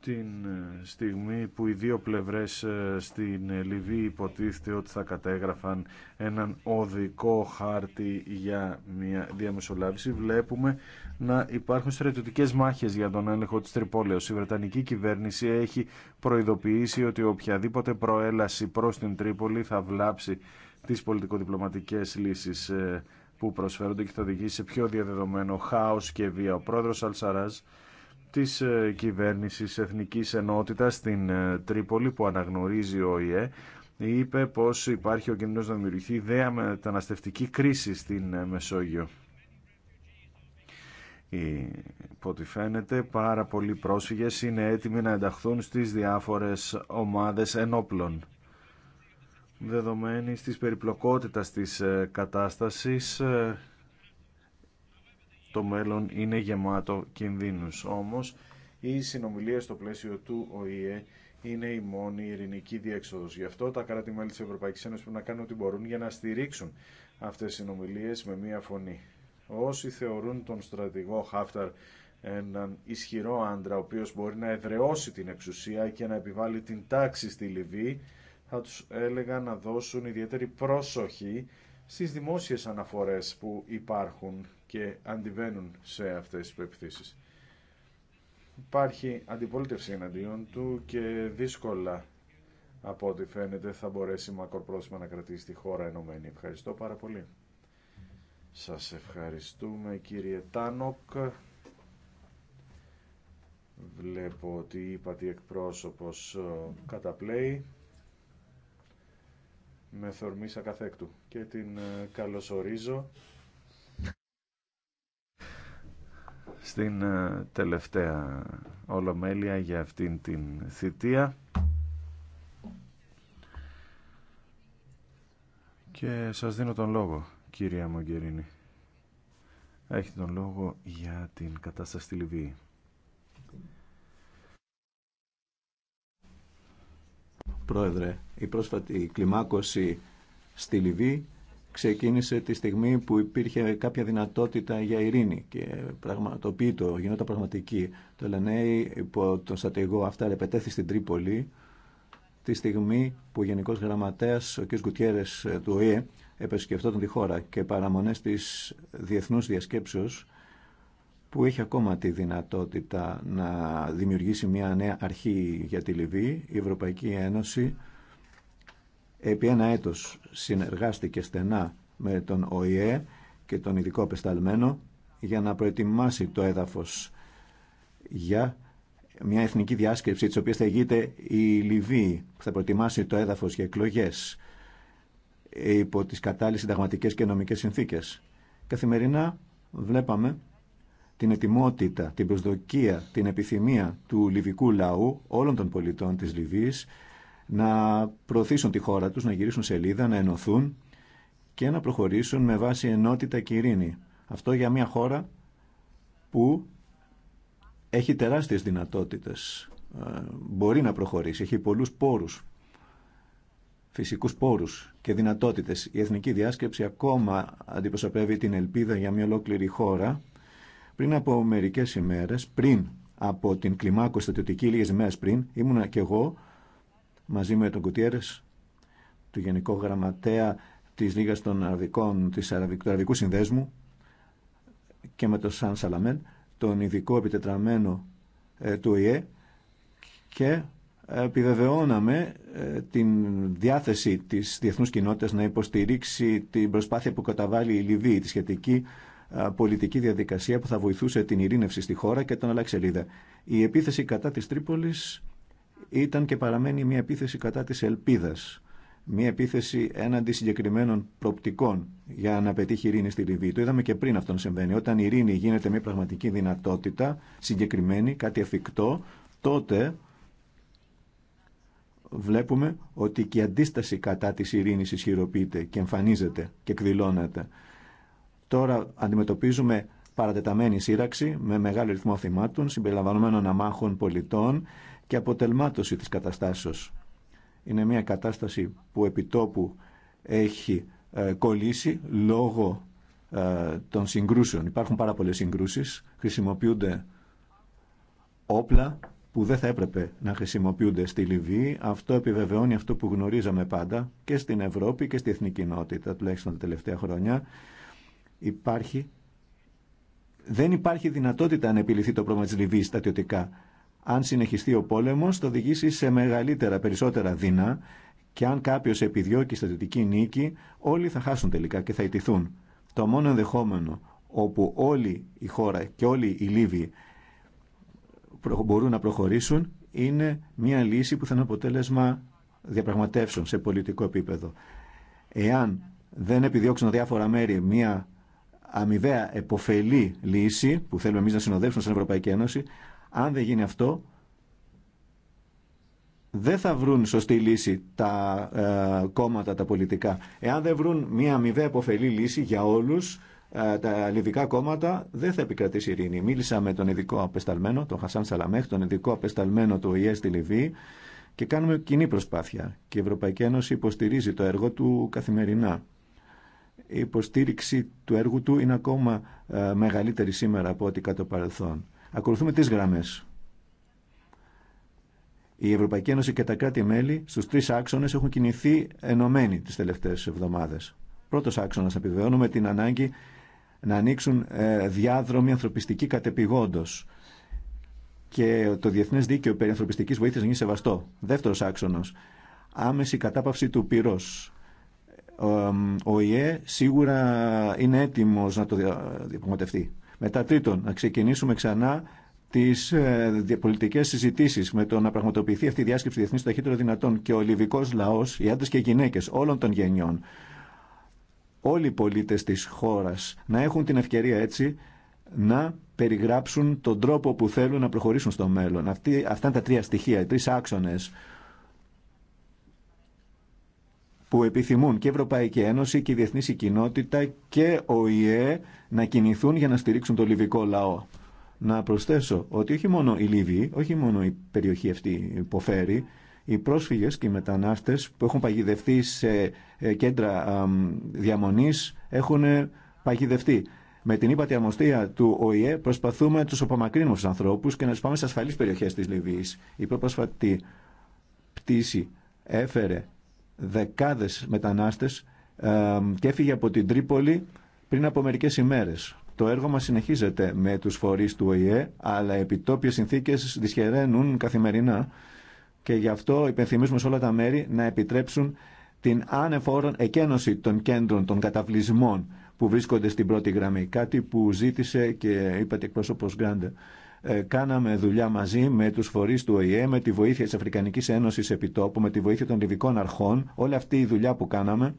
την ε, στιγμή που οι δύο πλευρές ε, στην ε, Λιβύη υποτίθεται ότι θα κατέγραφαν έναν οδικό χάρτη για μια διαμεσολάβηση βλέπουμε να υπάρχουν στρατιωτικές μάχες για τον έλεγχο της Τρυπόλεως. Η Βρετανική κυβέρνηση έχει προειδοποιήσει ότι οποιαδήποτε προέλαση προς την Τρίπολη θα βλάψει τις πολιτικοδιπλωματικές λύσεις που προσφέρονται και θα οδηγήσει σε πιο διαδεδομένο χάος και βία. Ο πρόεδρος Αλσαράζ της ε, κυβέρνησης Εθνικής Ενότητας στην ε, Τρίπολη που αναγνωρίζει ο ΙΕ είπε πως υπάρχει ο κίνδυνος να δημιουργηθεί ιδέα μεταναστευτική κρίση στην ε, Μεσόγειο. ό,τι φαίνεται πάρα πολλοί πρόσφυγες είναι έτοιμοι να ενταχθούν στις διάφορες ομάδες ενόπλων. Δεδομένης της περιπλοκότητας της κατάστασης το μέλλον είναι γεμάτο κινδύνους. Όμως, οι συνομιλίες στο πλαίσιο του ΟΗΕ είναι η μόνη ειρηνική διέξοδος. Γι' αυτό τα κράτη-μέλη της Ευρωπαϊκής Ένωσης πρέπει να κάνουν ό,τι μπορούν για να στηρίξουν αυτές τις συνομιλίες με μία φωνή. Όσοι θεωρούν τον στρατηγό Χάφταρ έναν ισχυρό άντρα, ο οποίος μπορεί να εδρεώσει την εξουσία και να επιβάλλει την τάξη στη Λιβύη, θα τους έλεγα να δώσουν ιδιαίτερη πρόσοχη στις δημόσιες αναφορές που υπάρχουν και αντιβαίνουν σε αυτές τις προεπιθήσεις. Υπάρχει αντιπολίτευση εναντίον του και δύσκολα από ό,τι φαίνεται θα μπορέσει μακροπρόθεσμα να κρατήσει τη χώρα ενωμένη. Ευχαριστώ πάρα πολύ. Σας ευχαριστούμε κύριε Τάνοκ. Βλέπω ότι είπα τι εκπρόσωπος ε, καταπλέει με θορμή σαν καθέκτου και την ε, καλωσορίζω στην ε, τελευταία ολομέλεια για αυτήν την θητεία και σας δίνω τον λόγο κυρία Μογκερίνη Έχει τον λόγο για την κατάσταση στη Λιβύη Πρόεδρε, η πρόσφατη κλιμάκωση στη Λιβύη ξεκίνησε τη στιγμή που υπήρχε κάποια δυνατότητα για ειρήνη και πραγματοποιήτω, γινόταν πραγματική. Το Ελενέη υπό τον στρατηγό αυτά επετέθη στην Τρίπολη τη στιγμή που ο Γενικός Γραμματέας ο κ. Γκουτιέρες ε, του ΟΗΕ, επεσκεφτόταν τη χώρα και παραμονές της διεθνούς διασκέψεως που έχει ακόμα τη δυνατότητα να δημιουργήσει μια νέα αρχή για τη Λιβύη. Η Ευρωπαϊκή Ένωση επί ένα έτος συνεργάστηκε στενά με τον ΟΗΕ και τον ειδικό απεσταλμένο για να προετοιμάσει το έδαφος για μια εθνική διάσκεψη της οποίας θα η Λιβύη που θα προετοιμάσει το έδαφος για εκλογές υπό τις κατάλληλες συνταγματικές και νομικές συνθήκες. Καθημερινά βλέπαμε την ετοιμότητα, την προσδοκία, την επιθυμία του λιβικού λαού, όλων των πολιτών της Λιβύης, να προωθήσουν τη χώρα τους, να γυρίσουν σελίδα, να ενωθούν και να προχωρήσουν με βάση ενότητα και ειρήνη. Αυτό για μια χώρα που έχει τεράστιες δυνατότητες, ε, μπορεί να προχωρήσει, έχει πολλούς πόρους, φυσικούς πόρους και δυνατότητες. Η Εθνική Διάσκεψη ακόμα αντιπροσωπεύει την ελπίδα για μια ολόκληρη χώρα πριν από μερικέ ημέρες, πριν από την κλιμάκωση στρατιωτική λίγε ημέρες πριν, ήμουνα και εγώ μαζί με τον Κουτιέρε, του Γενικό Γραμματέα της Λίγας των Αραβικών, της του Αραβικού Συνδέσμου και με τον Σαν Σαλαμέν, τον ειδικό επιτετραμένο ε, του ΙΕ και επιβεβαιώναμε ε, την διάθεση της διεθνούς κοινότητας να υποστηρίξει την προσπάθεια που καταβάλει η Λιβύη, τη σχετική πολιτική διαδικασία που θα βοηθούσε την ειρήνευση στη χώρα και τον αλλάξει σελίδα. Η επίθεση κατά της Τρίπολης ήταν και παραμένει μια επίθεση κατά της ελπίδας. Μια επίθεση έναντι συγκεκριμένων προπτικών για να πετύχει ειρήνη στη Λιβύη. Το είδαμε και πριν αυτόν συμβαίνει. Όταν η ειρήνη γίνεται μια πραγματική δυνατότητα, συγκεκριμένη, κάτι εφικτό, τότε βλέπουμε ότι και η αντίσταση κατά της ειρήνης ισχυροποιείται και εμφανίζεται και εκδηλώνεται. Τώρα αντιμετωπίζουμε παρατεταμένη σύραξη με μεγάλο ρυθμό θυμάτων, συμπεριλαμβανομένων αμάχων πολιτών και αποτελμάτωση της καταστάσεως. Είναι μια κατάσταση που επιτόπου έχει ε, κολλήσει λόγω ε, των συγκρούσεων. Υπάρχουν πάρα πολλές συγκρούσεις, χρησιμοποιούνται όπλα που δεν θα έπρεπε να χρησιμοποιούνται στη Λιβύη. Αυτό επιβεβαιώνει αυτό που γνωρίζαμε πάντα και στην Ευρώπη και στη εθνική κοινότητα, τουλάχιστον τα τελευταία χρόνια, Υπάρχει, δεν υπάρχει δυνατότητα να επιληθεί το πρόβλημα της Λιβύης στατιωτικά. Αν συνεχιστεί ο πόλεμος, θα οδηγήσει σε μεγαλύτερα, περισσότερα δεινά και αν κάποιος επιδιώκει στατιωτική νίκη, όλοι θα χάσουν τελικά και θα ιτηθούν. Το μόνο ενδεχόμενο όπου όλη η χώρα και όλοι οι Λίβοι μπορούν να προχωρήσουν είναι μια λύση που θα είναι αποτέλεσμα διαπραγματεύσεων σε πολιτικό επίπεδο. Εάν δεν επιδιώξουν διάφορα μέρη μια αμοιβαία εποφελή λύση που θέλουμε εμείς να συνοδεύσουμε στην Ευρωπαϊκή Ένωση, αν δεν γίνει αυτό, δεν θα βρουν σωστή λύση τα ε, κόμματα, τα πολιτικά. Εάν δεν βρουν μια αμοιβαία εποφελή λύση για όλους, ε, τα λιβικά κόμματα δεν θα επικρατήσει ειρήνη. Μίλησα με τον ειδικό απεσταλμένο, τον Χασάν Σαλαμέχ, τον ειδικό απεσταλμένο του ΟΗΕ στη Λιβύη και κάνουμε κοινή προσπάθεια. Και η Ευρωπαϊκή Ένωση υποστηρίζει το έργο του καθημερινά η υποστήριξη του έργου του είναι ακόμα ε, μεγαλύτερη σήμερα από ό,τι κατά το παρελθόν. Ακολουθούμε τις γραμμές. Η Ευρωπαϊκή Ένωση και τα κράτη-μέλη στους τρεις άξονες έχουν κινηθεί ενωμένοι τις τελευταίες εβδομάδες. Πρώτος άξονας επιβεβαιώνουμε την ανάγκη να ανοίξουν ε, διάδρομοι ανθρωπιστικοί κατεπηγόντως και το Διεθνέ Δίκαιο περί ανθρωπιστική βοήθεια να γίνει σεβαστό. Δεύτερο άξονα. Άμεση κατάπαυση του πυρός ο ΙΕ σίγουρα είναι έτοιμος να το διαπραγματευτεί. Μετά τρίτον, να ξεκινήσουμε ξανά τι ε, πολιτικέ συζητήσει με το να πραγματοποιηθεί αυτή η διάσκεψη διεθνή ταχύτερο δυνατόν και ο λιβικό λαό, οι άντρε και οι γυναίκε όλων των γενιών, όλοι οι πολίτε τη χώρα να έχουν την ευκαιρία έτσι να περιγράψουν τον τρόπο που θέλουν να προχωρήσουν στο μέλλον. Αυτή, αυτά είναι τα τρία στοιχεία, οι τρει άξονε που επιθυμούν και η Ευρωπαϊκή Ένωση και η διεθνή κοινότητα και ο ΙΕ να κινηθούν για να στηρίξουν το λιβικό λαό. Να προσθέσω ότι όχι μόνο η Λιβύη, όχι μόνο η περιοχή αυτή υποφέρει, οι πρόσφυγες και οι μετανάστες που έχουν παγιδευτεί σε ε, κέντρα διαμονής έχουν ε, παγιδευτεί. Με την ύπατη του ΟΗΕ προσπαθούμε να τους απομακρύνουμε στους ανθρώπους και να τους πάμε σε ασφαλείς περιοχές της Λιβύης. Η πρόσφατη πτήση έφερε δεκάδες μετανάστες και έφυγε από την Τρίπολη πριν από μερικές ημέρες. Το έργο μας συνεχίζεται με τους φορείς του ΟΗΕ, αλλά επιτόπιες συνθήκες δυσχεραίνουν καθημερινά και γι' αυτό υπενθυμίζουμε σε όλα τα μέρη να επιτρέψουν την άνεφόρον εκένωση των κέντρων, των καταβλισμών που βρίσκονται στην πρώτη γραμμή. Κάτι που ζήτησε και είπατε εκπρόσωπος Γκράντε. Ε, κάναμε δουλειά μαζί με τους φορείς του ΟΗΕ, με τη βοήθεια της Αφρικανικής Ένωσης Επιτόπου, με τη βοήθεια των Λιβικών Αρχών. Όλη αυτή η δουλειά που κάναμε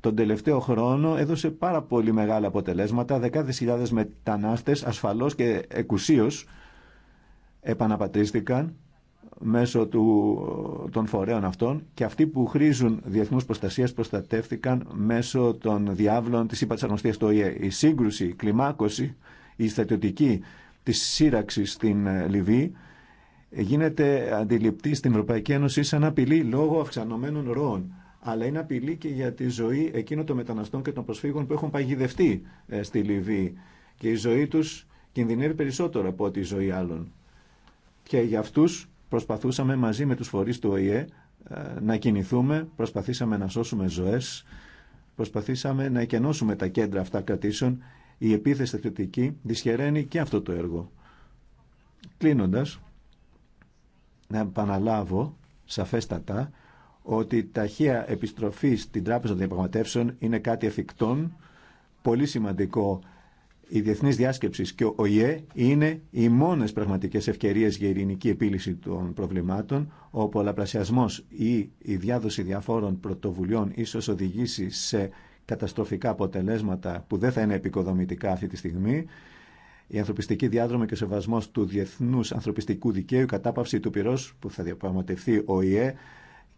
τον τελευταίο χρόνο έδωσε πάρα πολύ μεγάλα αποτελέσματα. Δεκάδες χιλιάδες μετανάστες ασφαλώς και εκουσίως επαναπατρίστηκαν μέσω του, των φορέων αυτών και αυτοί που χρήζουν διεθνούς προστασίας προστατεύτηκαν μέσω των διάβλων της ύπαρξης του ΟΗΕ. Η σύγκρουση, η κλιμάκωση, η στρατιωτική της σύραξης στην ε, Λιβύη γίνεται αντιληπτή στην Ευρωπαϊκή Ένωση σαν απειλή λόγω αυξανωμένων ροών. Αλλά είναι απειλή και για τη ζωή εκείνων των μεταναστών και των προσφύγων που έχουν παγιδευτεί ε, στη Λιβύη. Και η ζωή τους κινδυνεύει περισσότερο από ό,τι η ζωή άλλων. Και για αυτούς προσπαθούσαμε μαζί με τους φορείς του ΟΗΕ ε, να κινηθούμε, προσπαθήσαμε να σώσουμε ζωές, προσπαθήσαμε να εκενώσουμε τα κέντρα αυτά κρατήσεων η επίθεση κριτική δυσχεραίνει και αυτό το έργο. Κλείνοντας, να επαναλάβω σαφέστατα ότι ταχεία επιστροφή στην Τράπεζα των Διαπραγματεύσεων είναι κάτι εφικτόν, πολύ σημαντικό. Η διεθνής διάσκεψη και ο ΙΕ είναι οι μόνες πραγματικές ευκαιρίες για ειρηνική επίλυση των προβλημάτων. Ο πολλαπλασιασμός ή η διάδοση διαφόρων πρωτοβουλειών ίσως οδηγήσει σε καταστροφικά αποτελέσματα που δεν θα είναι επικοδομητικά αυτή τη στιγμή. Η ανθρωπιστική διάδρομη και ο σεβασμό του διεθνού ανθρωπιστικού δικαίου, η κατάπαυση του πυρό που θα διαπραγματευτεί ο ΙΕ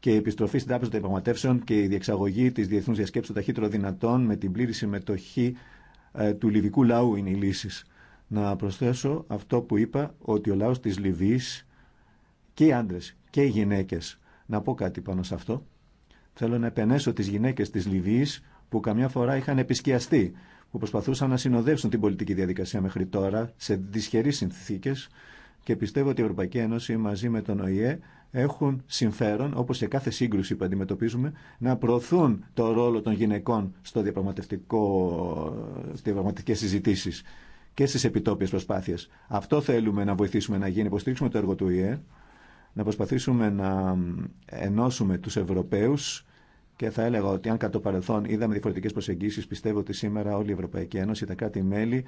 και η επιστροφή στην Τράπεζα των Διαπραγματεύσεων και η διεξαγωγή τη διεθνού διασκέψη των ταχύτερων δυνατών με την πλήρη συμμετοχή ε, του λιβικού λαού είναι οι λύσει. Να προσθέσω αυτό που είπα ότι ο λαό τη Λιβύη και οι άντρε και οι γυναίκε. Να πω κάτι πάνω σε αυτό. Θέλω να επενέσω τι γυναίκε τη Λιβύη που καμιά φορά είχαν επισκιαστεί, που προσπαθούσαν να συνοδεύσουν την πολιτική διαδικασία μέχρι τώρα σε δυσχερεί συνθήκε και πιστεύω ότι η Ευρωπαϊκή Ένωση μαζί με τον ΟΗΕ έχουν συμφέρον, όπω σε κάθε σύγκρουση που αντιμετωπίζουμε, να προωθούν το ρόλο των γυναικών στο διαπραγματευτικό, στις διαπραγματευτικές συζητήσεις και στι επιτόπιε προσπάθειε. Αυτό θέλουμε να βοηθήσουμε να γίνει, υποστήριξουμε το έργο του ΟΗΕ, να προσπαθήσουμε να ενώσουμε του Ευρωπαίου, και θα έλεγα ότι αν κατά το παρελθόν είδαμε διαφορετικέ προσεγγίσεις, πιστεύω ότι σήμερα όλη η Ευρωπαϊκή Ένωση, τα κράτη-μέλη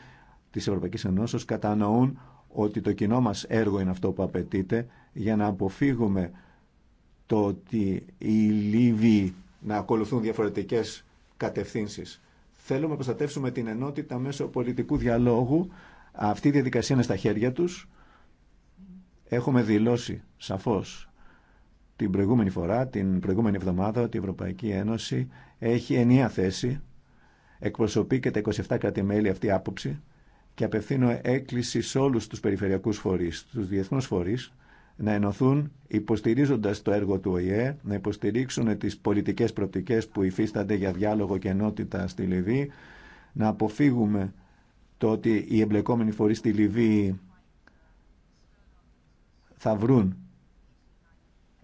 τη Ευρωπαϊκή Ενώσεω κατανοούν ότι το κοινό μα έργο είναι αυτό που απαιτείται για να αποφύγουμε το ότι οι Λίβοι να ακολουθούν διαφορετικέ κατευθύνσει. Θέλουμε να προστατεύσουμε την ενότητα μέσω πολιτικού διαλόγου. Αυτή η διαδικασία είναι στα χέρια του. Έχουμε δηλώσει σαφώς την προηγούμενη φορά, την προηγούμενη εβδομάδα, ότι η Ευρωπαϊκή Ένωση έχει ενιαία θέση, εκπροσωπεί και τα 27 κράτη-μέλη αυτή άποψη και απευθύνω έκκληση σε όλους τους περιφερειακούς φορείς, τους διεθνούς φορείς, να ενωθούν υποστηρίζοντας το έργο του ΟΗΕ, να υποστηρίξουν τις πολιτικές προπτικές που υφίστανται για διάλογο και ενότητα στη Λιβύη, να αποφύγουμε το ότι οι εμπλεκόμενοι φορείς στη Λιβύη θα βρουν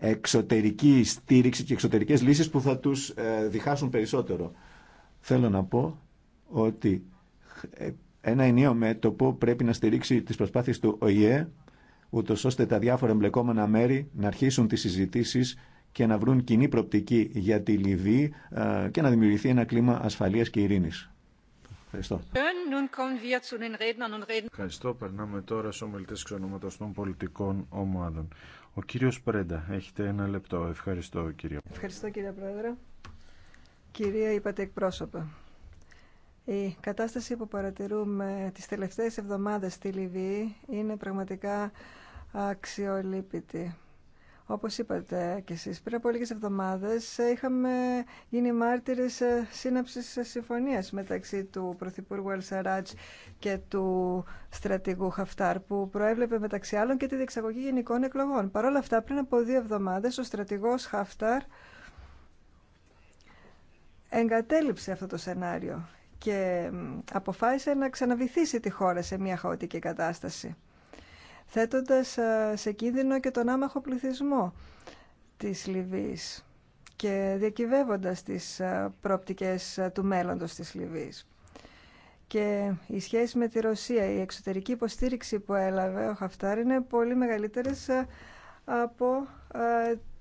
εξωτερική στήριξη και εξωτερικές λύσεις που θα τους ε, διχάσουν περισσότερο. Θέλω να πω ότι ε, ένα ενίο μέτωπο πρέπει να στηρίξει τις προσπάθειες του ΟΗΕ ούτω ώστε τα διάφορα εμπλεκόμενα μέρη να αρχίσουν τις συζητήσεις και να βρουν κοινή προπτική για τη Λιβύη ε, και να δημιουργηθεί ένα κλίμα ασφαλείας και ειρήνης. Ευχαριστώ. Περνάμε τώρα στου ομιλητέ εξονόματος των πολιτικών ομάδων. Ο κύριο Πρέντα, έχετε ένα λεπτό. Ευχαριστώ κύριε. Ευχαριστώ κύριε Πρόεδρε. Κυρία είπατε εκπρόσωπα. Η κατάσταση που παρατηρούμε τις τελευταίες εβδομάδες στη Λιβύη είναι πραγματικά αξιολύπητη. Όπως είπατε και εσείς, πριν από λίγες εβδομάδες ε, είχαμε γίνει μάρτυρες ε, σύναψης ε, συμφωνίας μεταξύ του Πρωθυπουργού Αλσαράτς και του στρατηγού Χαφτάρ που προέβλεπε μεταξύ άλλων και τη διεξαγωγή γενικών εκλογών. Παρ' όλα αυτά, πριν από δύο εβδομάδες ο στρατηγός Χαφτάρ εγκατέλειψε αυτό το σενάριο και αποφάσισε να ξαναβυθίσει τη χώρα σε μια χαοτική κατάσταση θέτοντας ε, σε κίνδυνο και τον άμαχο πληθυσμό της Λιβύης και διακυβεύοντας τις ε, πρόπτικες ε, του μέλλοντος της Λιβύης. Και η σχέση με τη Ρωσία, η εξωτερική υποστήριξη που έλαβε ο Χαφτάρ είναι πολύ μεγαλύτερες από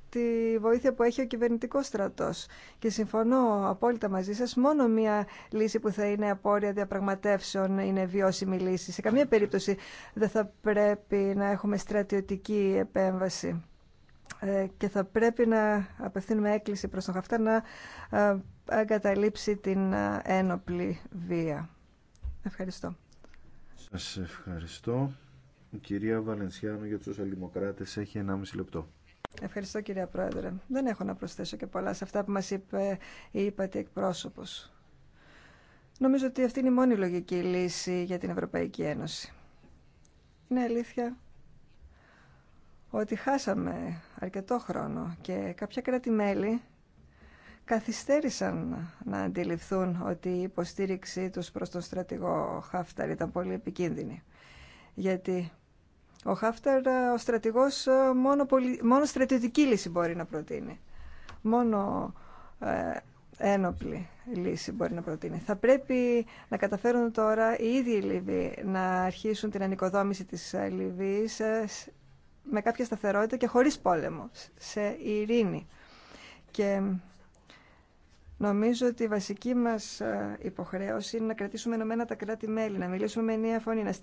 τη βοήθεια που έχει ο κυβερνητικός στρατός. Και συμφωνώ απόλυτα μαζί σας, μόνο μία λύση που θα είναι απόρρια διαπραγματεύσεων είναι βιώσιμη λύση. Σε καμία περίπτωση δεν θα πρέπει να έχουμε στρατιωτική επέμβαση. Ε, και θα πρέπει να απευθύνουμε έκκληση προς τον Χαφτά να ε, εγκαταλείψει την ε, ένοπλη βία. Ευχαριστώ. Σας ευχαριστώ. Η κυρία Βαλενσιάνο για τους Σοσιαλδημοκράτες έχει 1,5 λεπτό. Ευχαριστώ κυρία Πρόεδρε. Δεν έχω να προσθέσω και πολλά σε αυτά που μας είπε η ΥΠΑΤΗ εκπρόσωπος. Νομίζω ότι αυτή είναι η μόνη λογική λύση για την Ευρωπαϊκή Ένωση. Είναι αλήθεια ότι χάσαμε αρκετό χρόνο και κάποια κράτη-μέλη καθυστέρησαν να αντιληφθούν ότι η υποστήριξή τους προς τον στρατηγό Χάφταρ ήταν πολύ επικίνδυνη. Γιατί ο Χάφταρ, ε, ο στρατηγός, ε, μόνο, πολι... μόνο στρατιωτική λύση μπορεί να προτείνει. Μόνο ε, ένοπλη λύση μπορεί να προτείνει. Θα πρέπει να καταφέρουν τώρα οι ίδιοι οι να αρχίσουν την ανοικοδόμηση της ε, Λιβύης με κάποια σταθερότητα και χωρίς πόλεμο, σε ειρήνη. Και Νομίζω ότι η βασική μας ε, υποχρέωση είναι να κρατήσουμε ενωμένα τα κράτη-μέλη, να μιλήσουμε με ενία φωνή, να,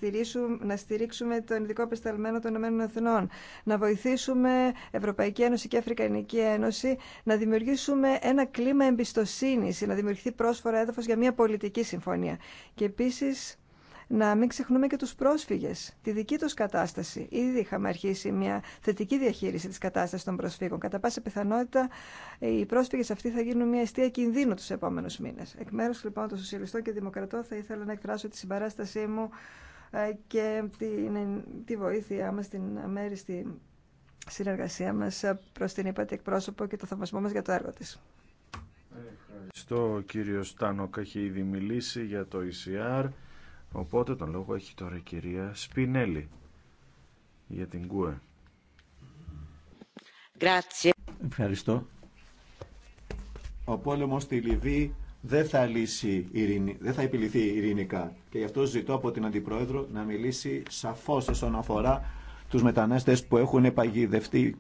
να στηρίξουμε τον ειδικό απεσταλμένο των Ηνωμένων να βοηθήσουμε Ευρωπαϊκή Ένωση και Αφρικανική Ένωση, να δημιουργήσουμε ένα κλίμα εμπιστοσύνη, να δημιουργηθεί πρόσφορα έδαφο για μια πολιτική συμφωνία. Και επίση να μην ξεχνούμε και τους πρόσφυγες, τη δική τους κατάσταση. Ήδη είχαμε αρχίσει μια θετική διαχείριση της κατάστασης των προσφύγων. Κατά πάσα πιθανότητα οι πρόσφυγες αυτοί θα γίνουν μια αιστεία κινδύνου τους επόμενους μήνες. Εκ μέρους λοιπόν των Σοσιαλιστών και Δημοκρατών θα ήθελα να εκφράσω τη συμπαράστασή μου ε, και τη βοήθειά μας στην αμέριστη συνεργασία μας ε, προς την είπατε εκπρόσωπο και το θαυμασμό μας για το έργο της. Ευχαριστώ. κύριο Στάνοκ, έχει ήδη μιλήσει για το ECR. Οπότε τον λόγο έχει τώρα η κυρία Σπινέλη για την ΚΟΕ. Ευχαριστώ. Ο πόλεμος στη Λιβύη δεν θα, λύσει ειρήνη, επιληθεί ειρηνικά. Και γι' αυτό ζητώ από την Αντιπρόεδρο να μιλήσει σαφώς όσον αφορά τους μετανάστες που έχουν παγιδευτεί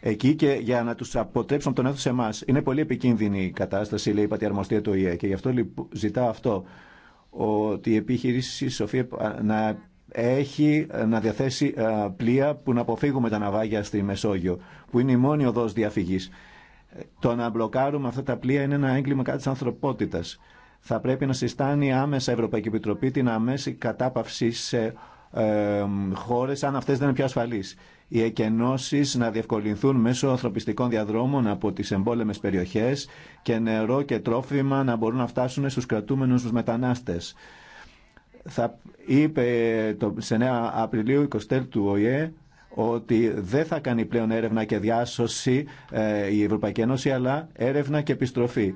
εκεί και για να του αποτρέψουν τον έθνο σε εμά. Είναι πολύ επικίνδυνη η κατάσταση, λέει η πατιαρμοστία του ΙΕ. Και γι' αυτό ζητά αυτό ότι η επιχείρηση Σοφία να έχει να διαθέσει ε, πλοία που να αποφύγουμε τα ναυάγια στη Μεσόγειο, που είναι η μόνη οδός διαφυγής. Το να μπλοκάρουμε αυτά τα πλοία είναι ένα έγκλημα κάτι της ανθρωπότητας. Θα πρέπει να συστάνει άμεσα η Ευρωπαϊκή Επιτροπή την αμέση κατάπαυση σε ε, χώρες αν αυτές δεν είναι πιο ασφαλείς οι εκενώσεις να διευκολυνθούν μέσω ανθρωπιστικών διαδρόμων από τις εμπόλεμες περιοχές και νερό και τρόφιμα να μπορούν να φτάσουν στους κρατούμενους τους μετανάστες. Θα είπε το, σε 9 Απριλίου 23 του ΟΗΕ ότι δεν θα κάνει πλέον έρευνα και διάσωση ε, η Ευρωπαϊκή Ένωση αλλά έρευνα και επιστροφή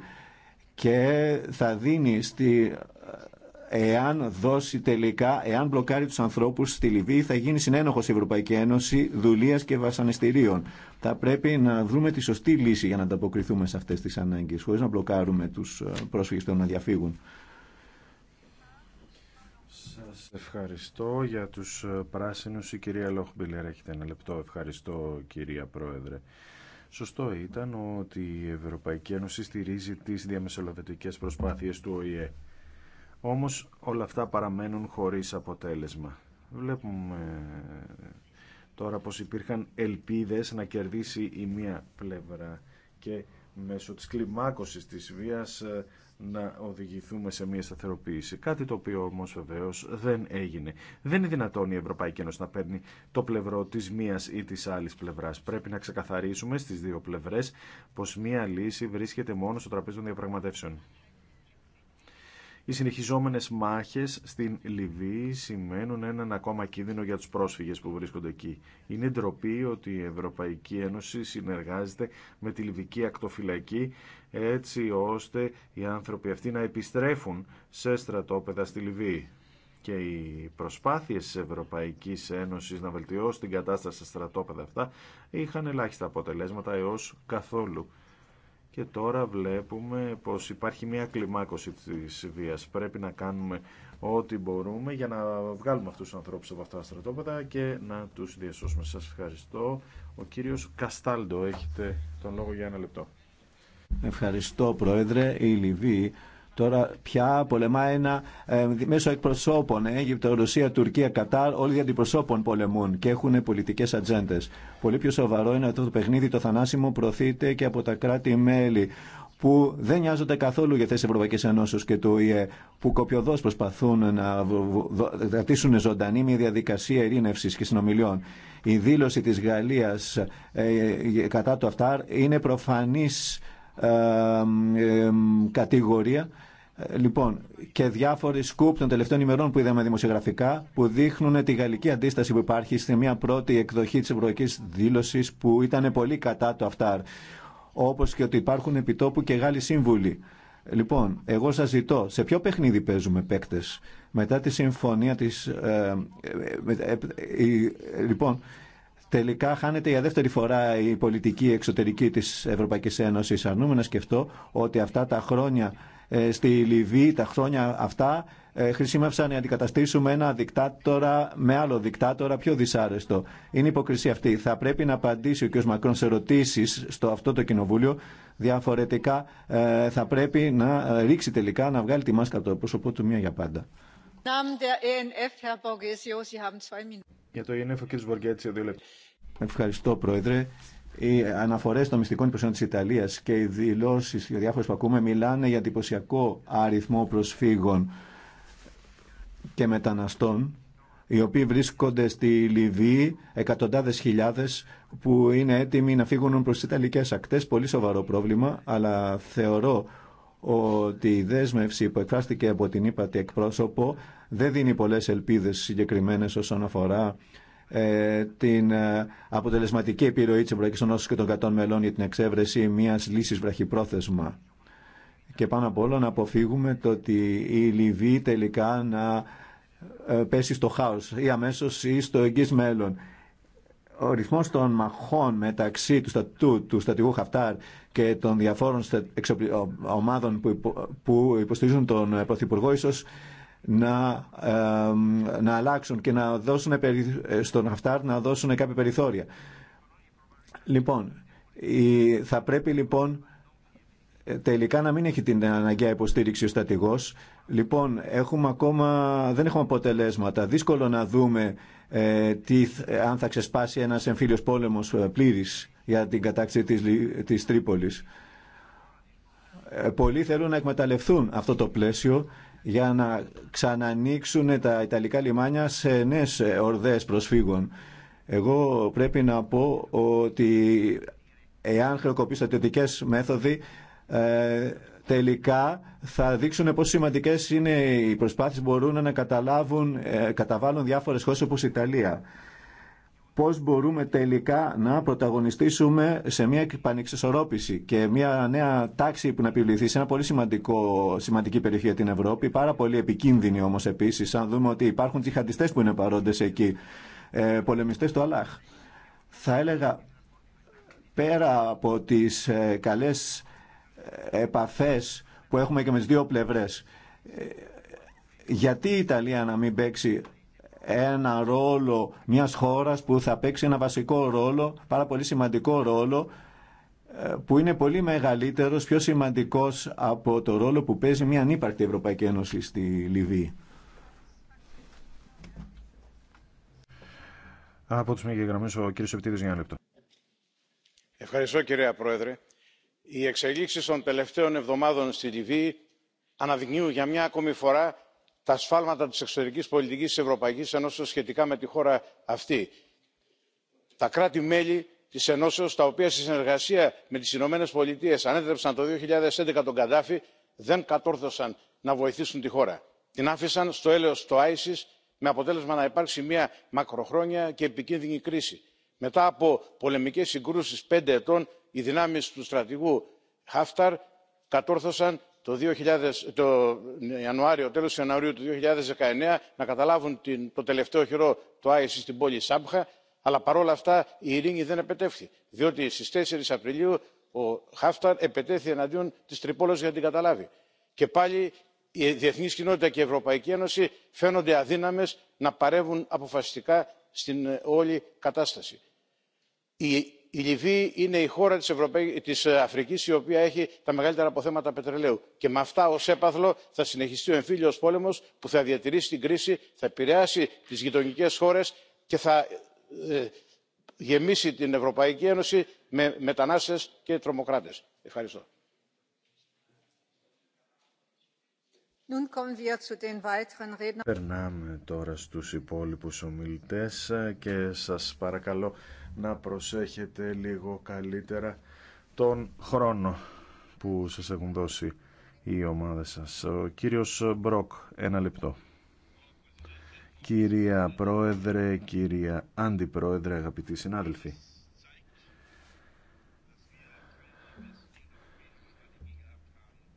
και θα δίνει στη, εάν δώσει τελικά, εάν μπλοκάρει τους ανθρώπους στη Λιβύη θα γίνει συνένοχο η Ευρωπαϊκή Ένωση δουλειά και βασανιστήριων. Θα πρέπει να βρούμε τη σωστή λύση για να ανταποκριθούμε σε αυτές τις ανάγκες, χωρίς να μπλοκάρουμε τους ε, πρόσφυγες των να διαφύγουν. Σα ευχαριστώ για τους ε, πράσινου. Η κυρία Λόχμπιλερ έχετε ένα λεπτό. Ευχαριστώ κυρία Πρόεδρε. Σωστό ήταν ότι η Ευρωπαϊκή Ένωση στηρίζει τις διαμεσολαβητικές προσπάθειες του ΟΗΕ όμως όλα αυτά παραμένουν χωρίς αποτέλεσμα. Βλέπουμε τώρα πως υπήρχαν ελπίδες να κερδίσει η μία πλευρά και μέσω της κλιμάκωσης της βίας ε, να οδηγηθούμε σε μια σταθεροποίηση. Κάτι το οποίο όμως βεβαίω δεν έγινε. Δεν είναι δυνατόν η Ευρωπαϊκή Ένωση να παίρνει το πλευρό της μίας ή της άλλης πλευράς. Πρέπει να ξεκαθαρίσουμε στις δύο πλευρές πως μια λύση βρίσκεται μόνο στο τραπέζι των διαπραγματεύσεων. Οι συνεχιζόμενες μάχες στην Λιβύη σημαίνουν έναν ακόμα κίνδυνο για τους πρόσφυγες που βρίσκονται εκεί. Είναι ντροπή ότι η Ευρωπαϊκή Ένωση συνεργάζεται με τη Λιβυκή Ακτοφυλακή έτσι ώστε οι άνθρωποι αυτοί να επιστρέφουν σε στρατόπεδα στη Λιβύη και οι προσπάθειες της Ευρωπαϊκής Ένωσης να βελτιώσει την κατάσταση στα στρατόπεδα αυτά είχαν ελάχιστα αποτελέσματα έως καθόλου και τώρα βλέπουμε πως υπάρχει μια κλιμάκωση της βίας. Πρέπει να κάνουμε ό,τι μπορούμε για να βγάλουμε αυτούς τους ανθρώπους από αυτά τα στρατόπεδα και να τους διασώσουμε. Σας ευχαριστώ. Ο κύριος Καστάλντο έχετε τον λόγο για ένα λεπτό. Ευχαριστώ Πρόεδρε. Η Λιβύη Τώρα πια πολεμάει ένα ε, μέσω εκπροσώπων. Ε, Αίγυπτο, Ρωσία, Τουρκία, Κατάρ, όλοι οι αντιπροσώπων πολεμούν και έχουν πολιτικέ ατζέντε. Πολύ πιο σοβαρό είναι αυτό το παιχνίδι. Το θανάσιμο προωθείται και από τα κράτη-μέλη που δεν νοιάζονται καθόλου για θέσει Ευρωπαϊκή Ενώσεω και του ΙΕ, που κοπιοδό προσπαθούν να κρατήσουν ζωντανή μια διαδικασία ειρήνευση και συνομιλιών. Η δήλωση τη Γαλλία ε, ε, κατά του Αφτάρ είναι προφανή ε, κατηγορία ε, λοιπόν, και διάφοροι σκουπ των τελευταίων ημερών που είδαμε δημοσιογραφικά που δείχνουν τη γαλλική αντίσταση που υπάρχει σε μια πρώτη εκδοχή τη Ευρωπαϊκή Δήλωση που ήταν πολύ κατά το Αφτάρ. Όπως και ότι υπάρχουν επιτόπου και Γάλλοι σύμβουλοι. Λοιπόν, εγώ σα ζητώ, σε ποιο παιχνίδι παίζουμε παίκτε μετά τη συμφωνία τη. Ε, ε, ε λοιπόν, τελικά χάνεται για δεύτερη φορά η πολιτική εξωτερική τη Ευρωπαϊκή Ένωση, Αρνούμε να σκεφτώ ότι αυτά τα χρόνια ε, στη Λιβύη τα χρόνια αυτά ε, χρησιμεύσαν να αντικαταστήσουμε ένα δικτάτορα με άλλο δικτάτορα πιο δυσάρεστο. Είναι υποκρισία αυτή. Θα πρέπει να απαντήσει ο κ. Μακρόν σε ερωτήσει στο αυτό το κοινοβούλιο. Διαφορετικά ε, θα πρέπει να ρίξει τελικά να βγάλει τη μάσκα από το πρόσωπό του μία για πάντα. E για το e ΕΝΕΦ, Ευχαριστώ, Πρόεδρε. Οι αναφορέ των μυστικών υπηρεσιών τη Ιταλία και οι δηλώσει και διάφορε που ακούμε μιλάνε για εντυπωσιακό αριθμό προσφύγων και μεταναστών οι οποίοι βρίσκονται στη Λιβύη, εκατοντάδε χιλιάδε που είναι έτοιμοι να φύγουν προ τι Ιταλικέ ακτέ. Πολύ σοβαρό πρόβλημα, αλλά θεωρώ ότι η δέσμευση που εκφράστηκε από την ύπατη εκπρόσωπο δεν δίνει πολλές ελπίδες συγκεκριμένες όσον αφορά ε, την ε, αποτελεσματική επιρροή τη Ευρωπαϊκή Ενώση και των 100 μελών για την εξέβρεση μιας λύσης βραχυπρόθεσμα. Και πάνω απ' όλα να αποφύγουμε το ότι η Λιβύη τελικά να ε, πέσει στο χάο ή αμέσως ή στο εγγύ μέλλον. Ο ρυθμό των μαχών μεταξύ του, στατού, του στατηγού Χαφτάρ και των διαφόρων ομάδων που υποστηρίζουν τον Πρωθυπουργό ίσως να, να αλλάξουν και να δώσουν στον Αφτάρ να δώσουν κάποια περιθώρια. Λοιπόν, η, θα πρέπει λοιπόν ε, τελικά να μην έχει την αναγκαία υποστήριξη ο στρατηγό. Λοιπόν, έχουμε ακόμα, δεν έχουμε αποτελέσματα. Δύσκολο να δούμε ε, τι, ε, αν θα ξεσπάσει ένας εμφύλιος πόλεμος ε, πλήρης για την κατάκτηση της, της Τρίπολης. πολλοί θέλουν να εκμεταλλευτούν αυτό το πλαίσιο για να ξανανοίξουν τα Ιταλικά λιμάνια σε νέες ορδές προσφύγων. Εγώ πρέπει να πω ότι εάν τα τετικές μέθοδοι ε, τελικά θα δείξουν πόσο σημαντικές είναι οι προσπάθειες που μπορούν να καταλάβουν, ε, καταβάλουν διάφορες χώρες όπως η Ιταλία πώς μπορούμε τελικά να πρωταγωνιστήσουμε σε μια πανεξισορρόπηση και μια νέα τάξη που να επιβληθεί σε ένα πολύ σημαντικό, σημαντική περιοχή για την Ευρώπη, πάρα πολύ επικίνδυνη όμως επίσης, αν δούμε ότι υπάρχουν τσιχαντιστές που είναι παρόντες εκεί, ε, πολεμιστές του Αλάχ. Θα έλεγα, πέρα από τις ε, καλές ε, επαφές που έχουμε και με τις δύο πλευρές, ε, γιατί η Ιταλία να μην παίξει ένα ρόλο μιας χώρας που θα παίξει ένα βασικό ρόλο, πάρα πολύ σημαντικό ρόλο, ε, που είναι πολύ μεγαλύτερος, πιο σημαντικός από το ρόλο που παίζει μια ανύπαρκτη Ευρωπαϊκή Ένωση στη Λιβύη. Από τους ο κύριος Επιτήδης για λεπτό. Ευχαριστώ κυρία Πρόεδρε. Οι εξελίξεις των τελευταίων εβδομάδων στη Λιβύη αναδεικνύουν για μια ακόμη φορά τα σφάλματα της εξωτερικής πολιτικής της ευρωπαϊκής ενώσεως σχετικά με τη χώρα αυτή τα κράτη μέλη της ενώσεως τα οποία σε συνεργασία με τις ηνωμένες πολιτείες ανέτρεψαν το 2011 τον καντάφι δεν κατόρθωσαν να βοηθήσουν τη χώρα. την άφησαν στο έλεος του άισις με αποτέλεσμα να υπάρξει μια μακροχρόνια και επικίνδυνη κρίση. μετά από πολεμικές συγκρούσεις πέντε ετών οι δυνάμεις του στρατηγού χάφταρ κατόρθωσαν το, Ιανουάριο, τέλος του Ιανουαρίου του 2019 να καταλάβουν την, το τελευταίο χειρό του Άισι στην πόλη Σάμπχα, αλλά παρόλα αυτά η ειρήνη δεν επετεύχθη, διότι στις 4 Απριλίου ο Χάφταρ επετέθη εναντίον της Τρυπόλο για να την καταλάβει. Και πάλι η διεθνή κοινότητα και η Ευρωπαϊκή Ένωση φαίνονται αδύναμες να παρεύουν αποφασιστικά στην ε, όλη κατάσταση. Η η λιβύη είναι η χώρα της ε, αφρικής η οποία έχει τα μεγαλύτερα αποθέματα πετρελαίου και με αυτά ως έπαθλο θα συνεχιστεί ο εμφύλιος πόλεμος που θα διατηρήσει την κρίση θα επηρεάσει τις γειτονικές χώρες και θα ε, γεμίσει την ευρωπαϊκή ένωση με μετανάστες και τρομοκράτες. ευχαριστώ να προσέχετε λίγο καλύτερα τον χρόνο που σας έχουν δώσει οι ομάδα σας. Ο κύριος Μπροκ, ένα λεπτό. Κυρία Πρόεδρε, κυρία Αντιπρόεδρε, αγαπητοί συνάδελφοι.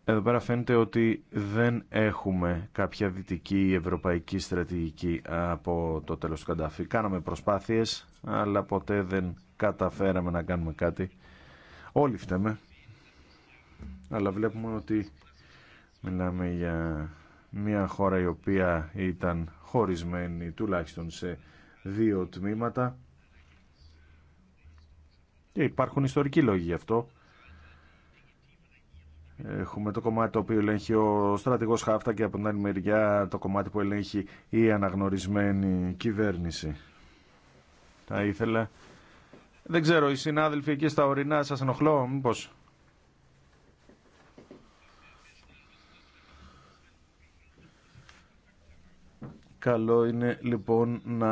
Εδώ πέρα φαίνεται ότι δεν έχουμε κάποια δυτική ευρωπαϊκή στρατηγική από το τέλος του Καντάφη. Κάναμε προσπάθειες, αλλά ποτέ δεν καταφέραμε να κάνουμε κάτι. Όλοι φταίμε, αλλά βλέπουμε ότι μιλάμε για μια χώρα η οποία ήταν χωρισμένη τουλάχιστον σε δύο τμήματα και υπάρχουν ιστορικοί λόγοι γι' αυτό Έχουμε το κομμάτι το οποίο ελέγχει ο στρατηγό Χάφτα και από την άλλη μεριά το κομμάτι που ελέγχει η αναγνωρισμένη κυβέρνηση. Τα ήθελα... Δεν ξέρω, οι συνάδελφοι εκεί στα ορεινά σας ενοχλώ, μήπω. Καλό είναι λοιπόν να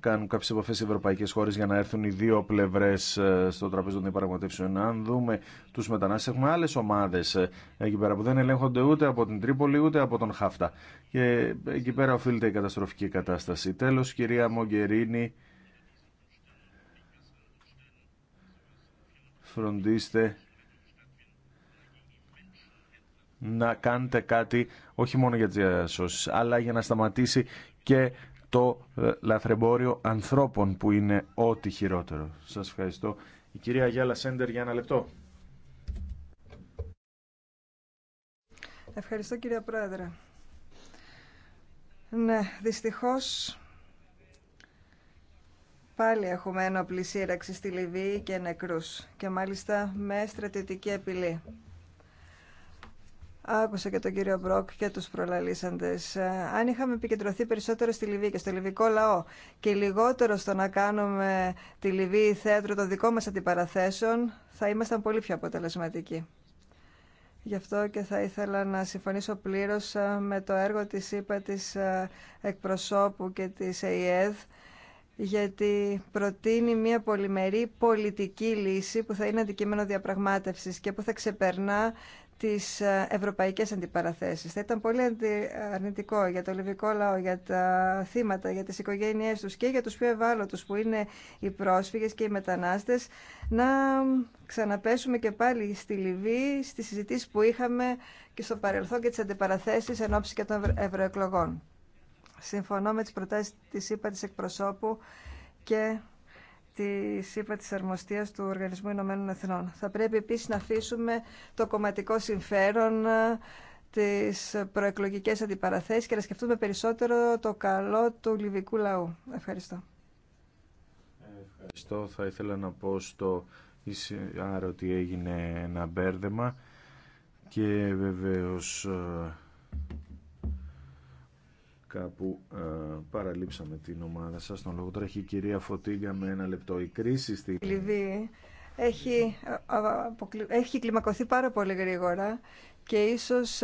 κάνουν κάποιε επαφέ οι ευρωπαϊκές χώρες για να έρθουν οι δύο πλευρές ε, στο τραπέζι των διαπραγματεύσεων. Αν δούμε τους μετανάστες έχουμε άλλες ομάδες ε, εκεί πέρα που δεν ελέγχονται ούτε από την Τρίπολη ούτε από τον Χάφτα. Και εκεί πέρα οφείλεται η καταστροφική κατάσταση. Τέλο, κυρία Μογκερίνη, φροντίστε να κάνετε κάτι όχι μόνο για τις διασώσεις, αλλά για να σταματήσει και το ε, λαθρεμπόριο ανθρώπων που είναι ό,τι χειρότερο. Σας ευχαριστώ. Η κυρία Γιάλα Σέντερ για ένα λεπτό. Ευχαριστώ κύριε Πρόεδρε. Ναι, δυστυχώς πάλι έχουμε ένα σύραξη στη Λιβύη και νεκρούς και μάλιστα με στρατιωτική απειλή. Άκουσα και τον κύριο Μπρόκ και τους προλαλήσαντες. Ε, αν είχαμε επικεντρωθεί περισσότερο στη Λιβύη και στο λιβικό λαό και λιγότερο στο να κάνουμε τη Λιβύη θέατρο των δικών μας αντιπαραθέσεων, θα ήμασταν πολύ πιο αποτελεσματικοί. Γι' αυτό και θα ήθελα να συμφωνήσω πλήρως ε, με το έργο της ΥΠΑ της ε, εκπροσώπου και της ΕΙΕΔ, γιατί προτείνει μια πολυμερή πολιτική λύση που θα είναι αντικείμενο διαπραγμάτευσης και που θα ξεπερνά τις ε, ευρωπαϊκές αντιπαραθέσεις. Θα ήταν πολύ αρνητικό για το λιβικό λαό, για τα θύματα, για τις οικογένειές τους και για τους πιο ευάλωτους που είναι οι πρόσφυγες και οι μετανάστες να ξαναπέσουμε και πάλι στη Λιβύη, στις συζητήσεις που είχαμε και στο παρελθόν και τις αντιπαραθέσεις εν ώψη και των ευρωεκλογών. Συμφωνώ με τις προτάσεις της ΥΠΑ εκπροσώπου και τη ΣΥΠΑ της Αρμοστία του Οργανισμού Ηνωμένων Εθνών. Θα πρέπει επίσης να αφήσουμε το κομματικό συμφέρον ε, τι προεκλογικέ αντιπαραθέσεις και να σκεφτούμε περισσότερο το καλό του λιβικού λαού. Ευχαριστώ. Ευχαριστώ. Θα ήθελα να πω στο ΙΣΑΡ ότι έγινε ένα μπέρδεμα και βεβαίως ε, κάπου ε, παραλείψαμε την ομάδα σας. Τον λόγο τώρα έχει η κυρία Φωτίγκα με ένα λεπτό. Η κρίση στη Λιβύη έχει, ε, ε, έχει κλιμακωθεί πάρα πολύ γρήγορα και ίσως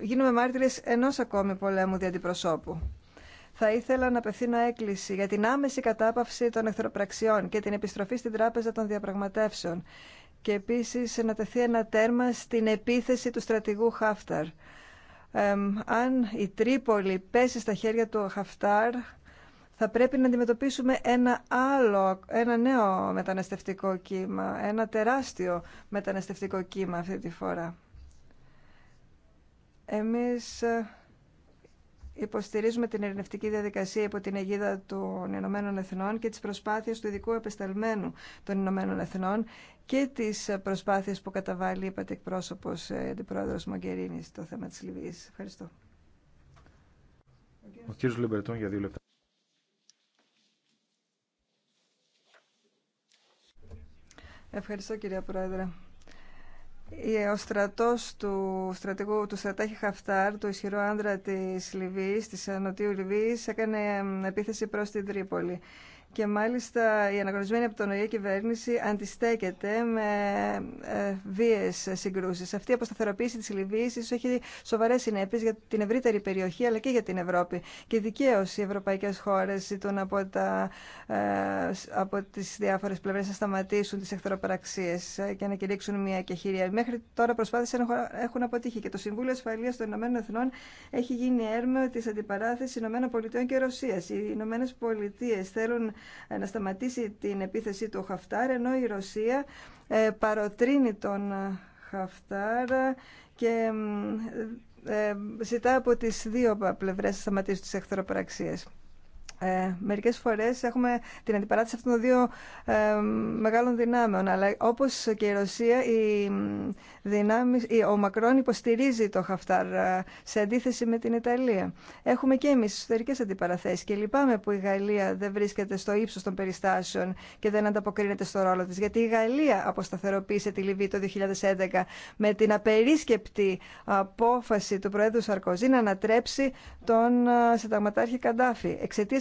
γίνουμε μάρτυρες ενός ακόμη πολέμου διαντιπροσώπου. Θα ήθελα να απευθύνω έκκληση για την άμεση κατάπαυση των εχθροπραξιών και την επιστροφή στην Τράπεζα των Διαπραγματεύσεων και επίσης να τεθεί ένα τέρμα στην επίθεση του στρατηγού Χάφταρ αν η Τρίπολη πέσει στα χέρια του Χαφτάρ, θα πρέπει να αντιμετωπίσουμε ένα άλλο, ένα νέο μεταναστευτικό κύμα, ένα τεράστιο μεταναστευτικό κύμα αυτή τη φορά. Εμείς ε, Υποστηρίζουμε την ειρηνευτική διαδικασία υπό την αιγίδα των Ηνωμένων Εθνών και τις προσπάθειες του ειδικού επεσταλμένου των Ηνωμένων Εθνών και τις προσπάθειες που καταβάλει, είπατε, εκπρόσωπος ε, αντιπρόεδρος Μογκερίνη στο θέμα της Λιβύης. Ευχαριστώ. Ο κύριος Λεμπερτών για δύο λεπτά. Ευχαριστώ κυρία Πρόεδρε. Ε, ο στρατός του, στρατηγού, του στρατάχη Χαφτάρ, του ισχυρό άντρα της Λιβύης, της Ανωτίου Λιβύης, έκανε επίθεση προς την Τρίπολη και μάλιστα η αναγνωρισμένη από τον ΟΗΕ κυβέρνηση αντιστέκεται με ε, βίε συγκρούσει. Αυτή η αποσταθεροποίηση τη Λιβύη έχει σοβαρέ συνέπειε για την ευρύτερη περιοχή αλλά και για την Ευρώπη. Και δικαίω οι ευρωπαϊκέ χώρε ζητούν από, τα, ε, από τι διάφορε πλευρέ να σταματήσουν τι εχθροπραξίε ε, και να κηρύξουν μια και χειρία. Μέχρι τώρα προσπάθησαν να έχουν αποτύχει και το Συμβούλιο Ασφαλεία των Ηνωμένων Εθνών έχει γίνει έρμεο τη αντιπαράθεση ΗΠΑ και Ρωσία. Οι Ηνωμένε θέλουν ε, να σταματήσει την επίθεσή του ο Χαφτάρ, ενώ η Ρωσία ε, παροτρύνει τον ε, Χαφτάρ και ζητά από τις δύο πλευρές να σταματήσουν τις εχθροπραξίες. Ε, μερικές φορές έχουμε την αντιπαράτηση αυτών των δύο ε, μεγάλων δυνάμεων, αλλά όπως και η Ρωσία, η, δυνάμεις, ο Μακρόν υποστηρίζει το Χαφτάρ ε, σε αντίθεση με την Ιταλία. Έχουμε και εμείς εσωτερικές αντιπαραθέσεις και λυπάμαι που η Γαλλία δεν βρίσκεται στο ύψος των περιστάσεων και δεν ανταποκρίνεται στο ρόλο της, γιατί η Γαλλία αποσταθεροποίησε τη Λιβύη το 2011 με την απερίσκεπτη απόφαση του Προέδρου Σαρκοζή να ανατρέψει τον ε, συνταγματάρχη Καντάφη.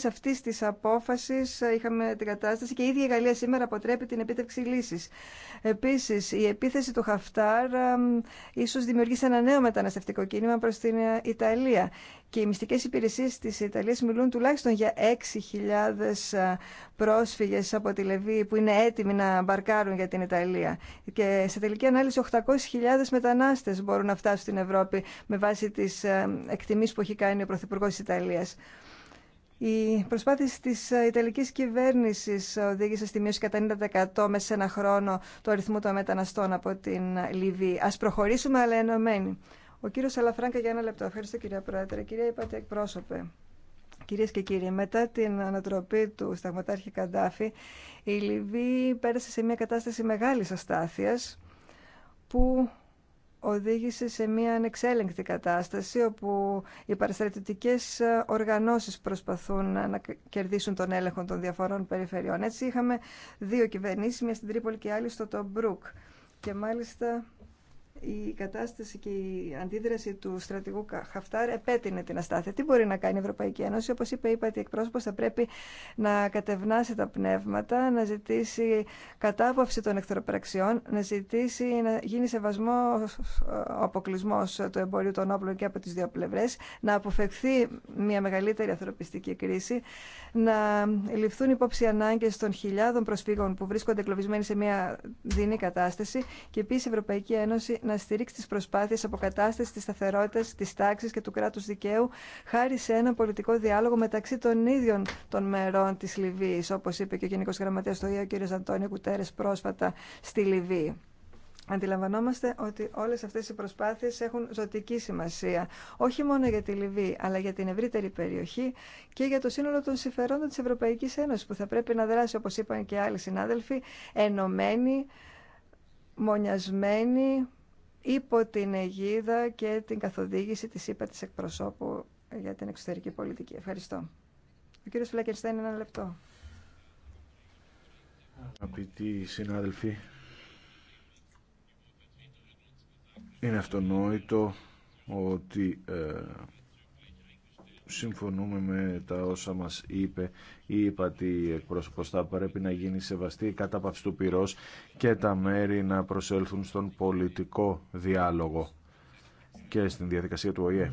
Αυτή τη απόφαση ε, είχαμε την κατάσταση και η ίδια η Γαλλία σήμερα αποτρέπει την επίτευξη λύση. Επίση, η επίθεση του Χαφτάρ ε, ίσω δημιουργήσει ένα νέο μεταναστευτικό κίνημα προ την ε, Ιταλία και οι μυστικέ υπηρεσίε τη Ιταλία μιλούν τουλάχιστον για 6.000 πρόσφυγε από τη Λεβύη που είναι έτοιμοι να μπαρκάρουν για την Ιταλία. Και σε τελική ανάλυση 800.000 μετανάστε μπορούν να φτάσουν στην Ευρώπη με βάση τι εκτιμήσει που έχει κάνει ο Πρωθυπουργό τη Ιταλία. Η προσπάθεια της ε, Ιταλικής κυβέρνησης οδήγησε στη μείωση κατά 90% μέσα σε ένα χρόνο του αριθμού των μεταναστών από την Λιβύη. Α προχωρήσουμε αλλά ενωμένοι. Ο κύριο Αλαφράγκα για ένα λεπτό. Ευχαριστώ κυρία Πρόεδρε. Κυρία είπατε εκπρόσωπε. Κυρίες και κύριοι, μετά την ανατροπή του σταγματάρχη Καντάφη, η Λιβύη πέρασε σε μια κατάσταση μεγάλη αστάθεια που οδήγησε σε μια ανεξέλεγκτη κατάσταση όπου οι παραστρατητικές ε, οργανώσεις προσπαθούν να κερδίσουν τον έλεγχο των διαφορών περιφερειών. Έτσι είχαμε δύο κυβερνήσεις, μια στην Τρίπολη και άλλη στο Τομπρούκ. Και μάλιστα η κατάσταση και η αντίδραση του στρατηγού Χαφτάρ επέτεινε την αστάθεια. Τι μπορεί να κάνει η Ευρωπαϊκή Ένωση, όπω είπε, είπα ότι εκπρόσωπο θα πρέπει να κατευνάσει τα πνεύματα, να ζητήσει κατάπαυση των εχθροπραξιών, να ζητήσει να γίνει σεβασμό ο αποκλεισμό του εμπορίου των όπλων και από τι δύο πλευρέ, να αποφευχθεί μια μεγαλύτερη ανθρωπιστική κρίση, να ληφθούν υπόψη ανάγκε των χιλιάδων προσφύγων που βρίσκονται εκλοβισμένοι σε μια δινή κατάσταση και επίση η Ευρωπαϊκή Ένωση να στηρίξει τι προσπάθειε αποκατάσταση τη σταθερότητα, τη τάξη και του κράτου δικαίου, χάρη σε ένα πολιτικό διάλογο μεταξύ των ίδιων των μερών τη Λιβύη, όπω είπε και ο Γενικό Γραμματέα του ΙΕ, ο κ. Αντώνιο Κουτέρε, πρόσφατα στη Λιβύη. Αντιλαμβανόμαστε ότι όλες αυτές οι προσπάθειες έχουν ζωτική σημασία, όχι μόνο για τη Λιβύη, αλλά για την ευρύτερη περιοχή και για το σύνολο των συμφερόντων της Ευρωπαϊκής Ένωσης, που θα πρέπει να δράσει, όπως είπαν και άλλοι συνάδελφοι, ενωμένη, μονιασμένη, υπό την αιγίδα και την καθοδήγηση της ΥΠΑ εκπροσώπου για την εξωτερική πολιτική. Ευχαριστώ. Ο κύριος Φλακενστέν, ένα λεπτό. Αγαπητοί συνάδελφοι, είναι αυτονόητο ότι ε, συμφωνούμε με τα όσα μας είπε η η εκπρόσωπος. Θα πρέπει να γίνει σεβαστή κατά κατάπαυση του πυρός και τα μέρη να προσέλθουν στον πολιτικό διάλογο και στην διαδικασία του ΟΗΕ.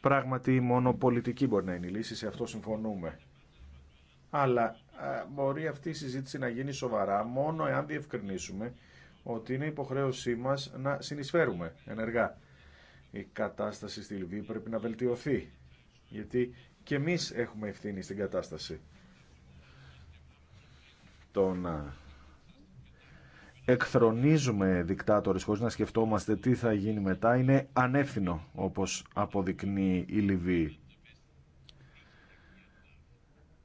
Πράγματι μόνο πολιτική μπορεί να είναι η λύση, σε αυτό συμφωνούμε. Αλλά μπορεί αυτή η συζήτηση να γίνει σοβαρά μόνο εάν διευκρινίσουμε ότι είναι υποχρέωσή μας να συνεισφέρουμε ενεργά η κατάσταση στη Λιβύη πρέπει να βελτιωθεί. Γιατί και εμείς έχουμε ευθύνη στην κατάσταση. Το να εκθρονίζουμε δικτάτορες χωρίς να σκεφτόμαστε τι θα γίνει μετά είναι ανεύθυνο όπως αποδεικνύει η Λιβύη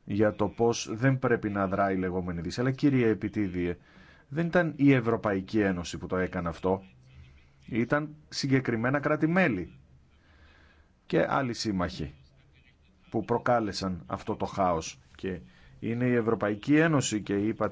για το πώς δεν πρέπει να δράει η λεγόμενη Δύση. Αλλά κύριε Επιτίδη, ε, δεν ήταν η Ευρωπαϊκή Ένωση που το έκανε αυτό. Ήταν συγκεκριμένα κράτη-μέλη και άλλοι σύμμαχοι που προκάλεσαν αυτό το χάος και είναι η Ευρωπαϊκή Ένωση και η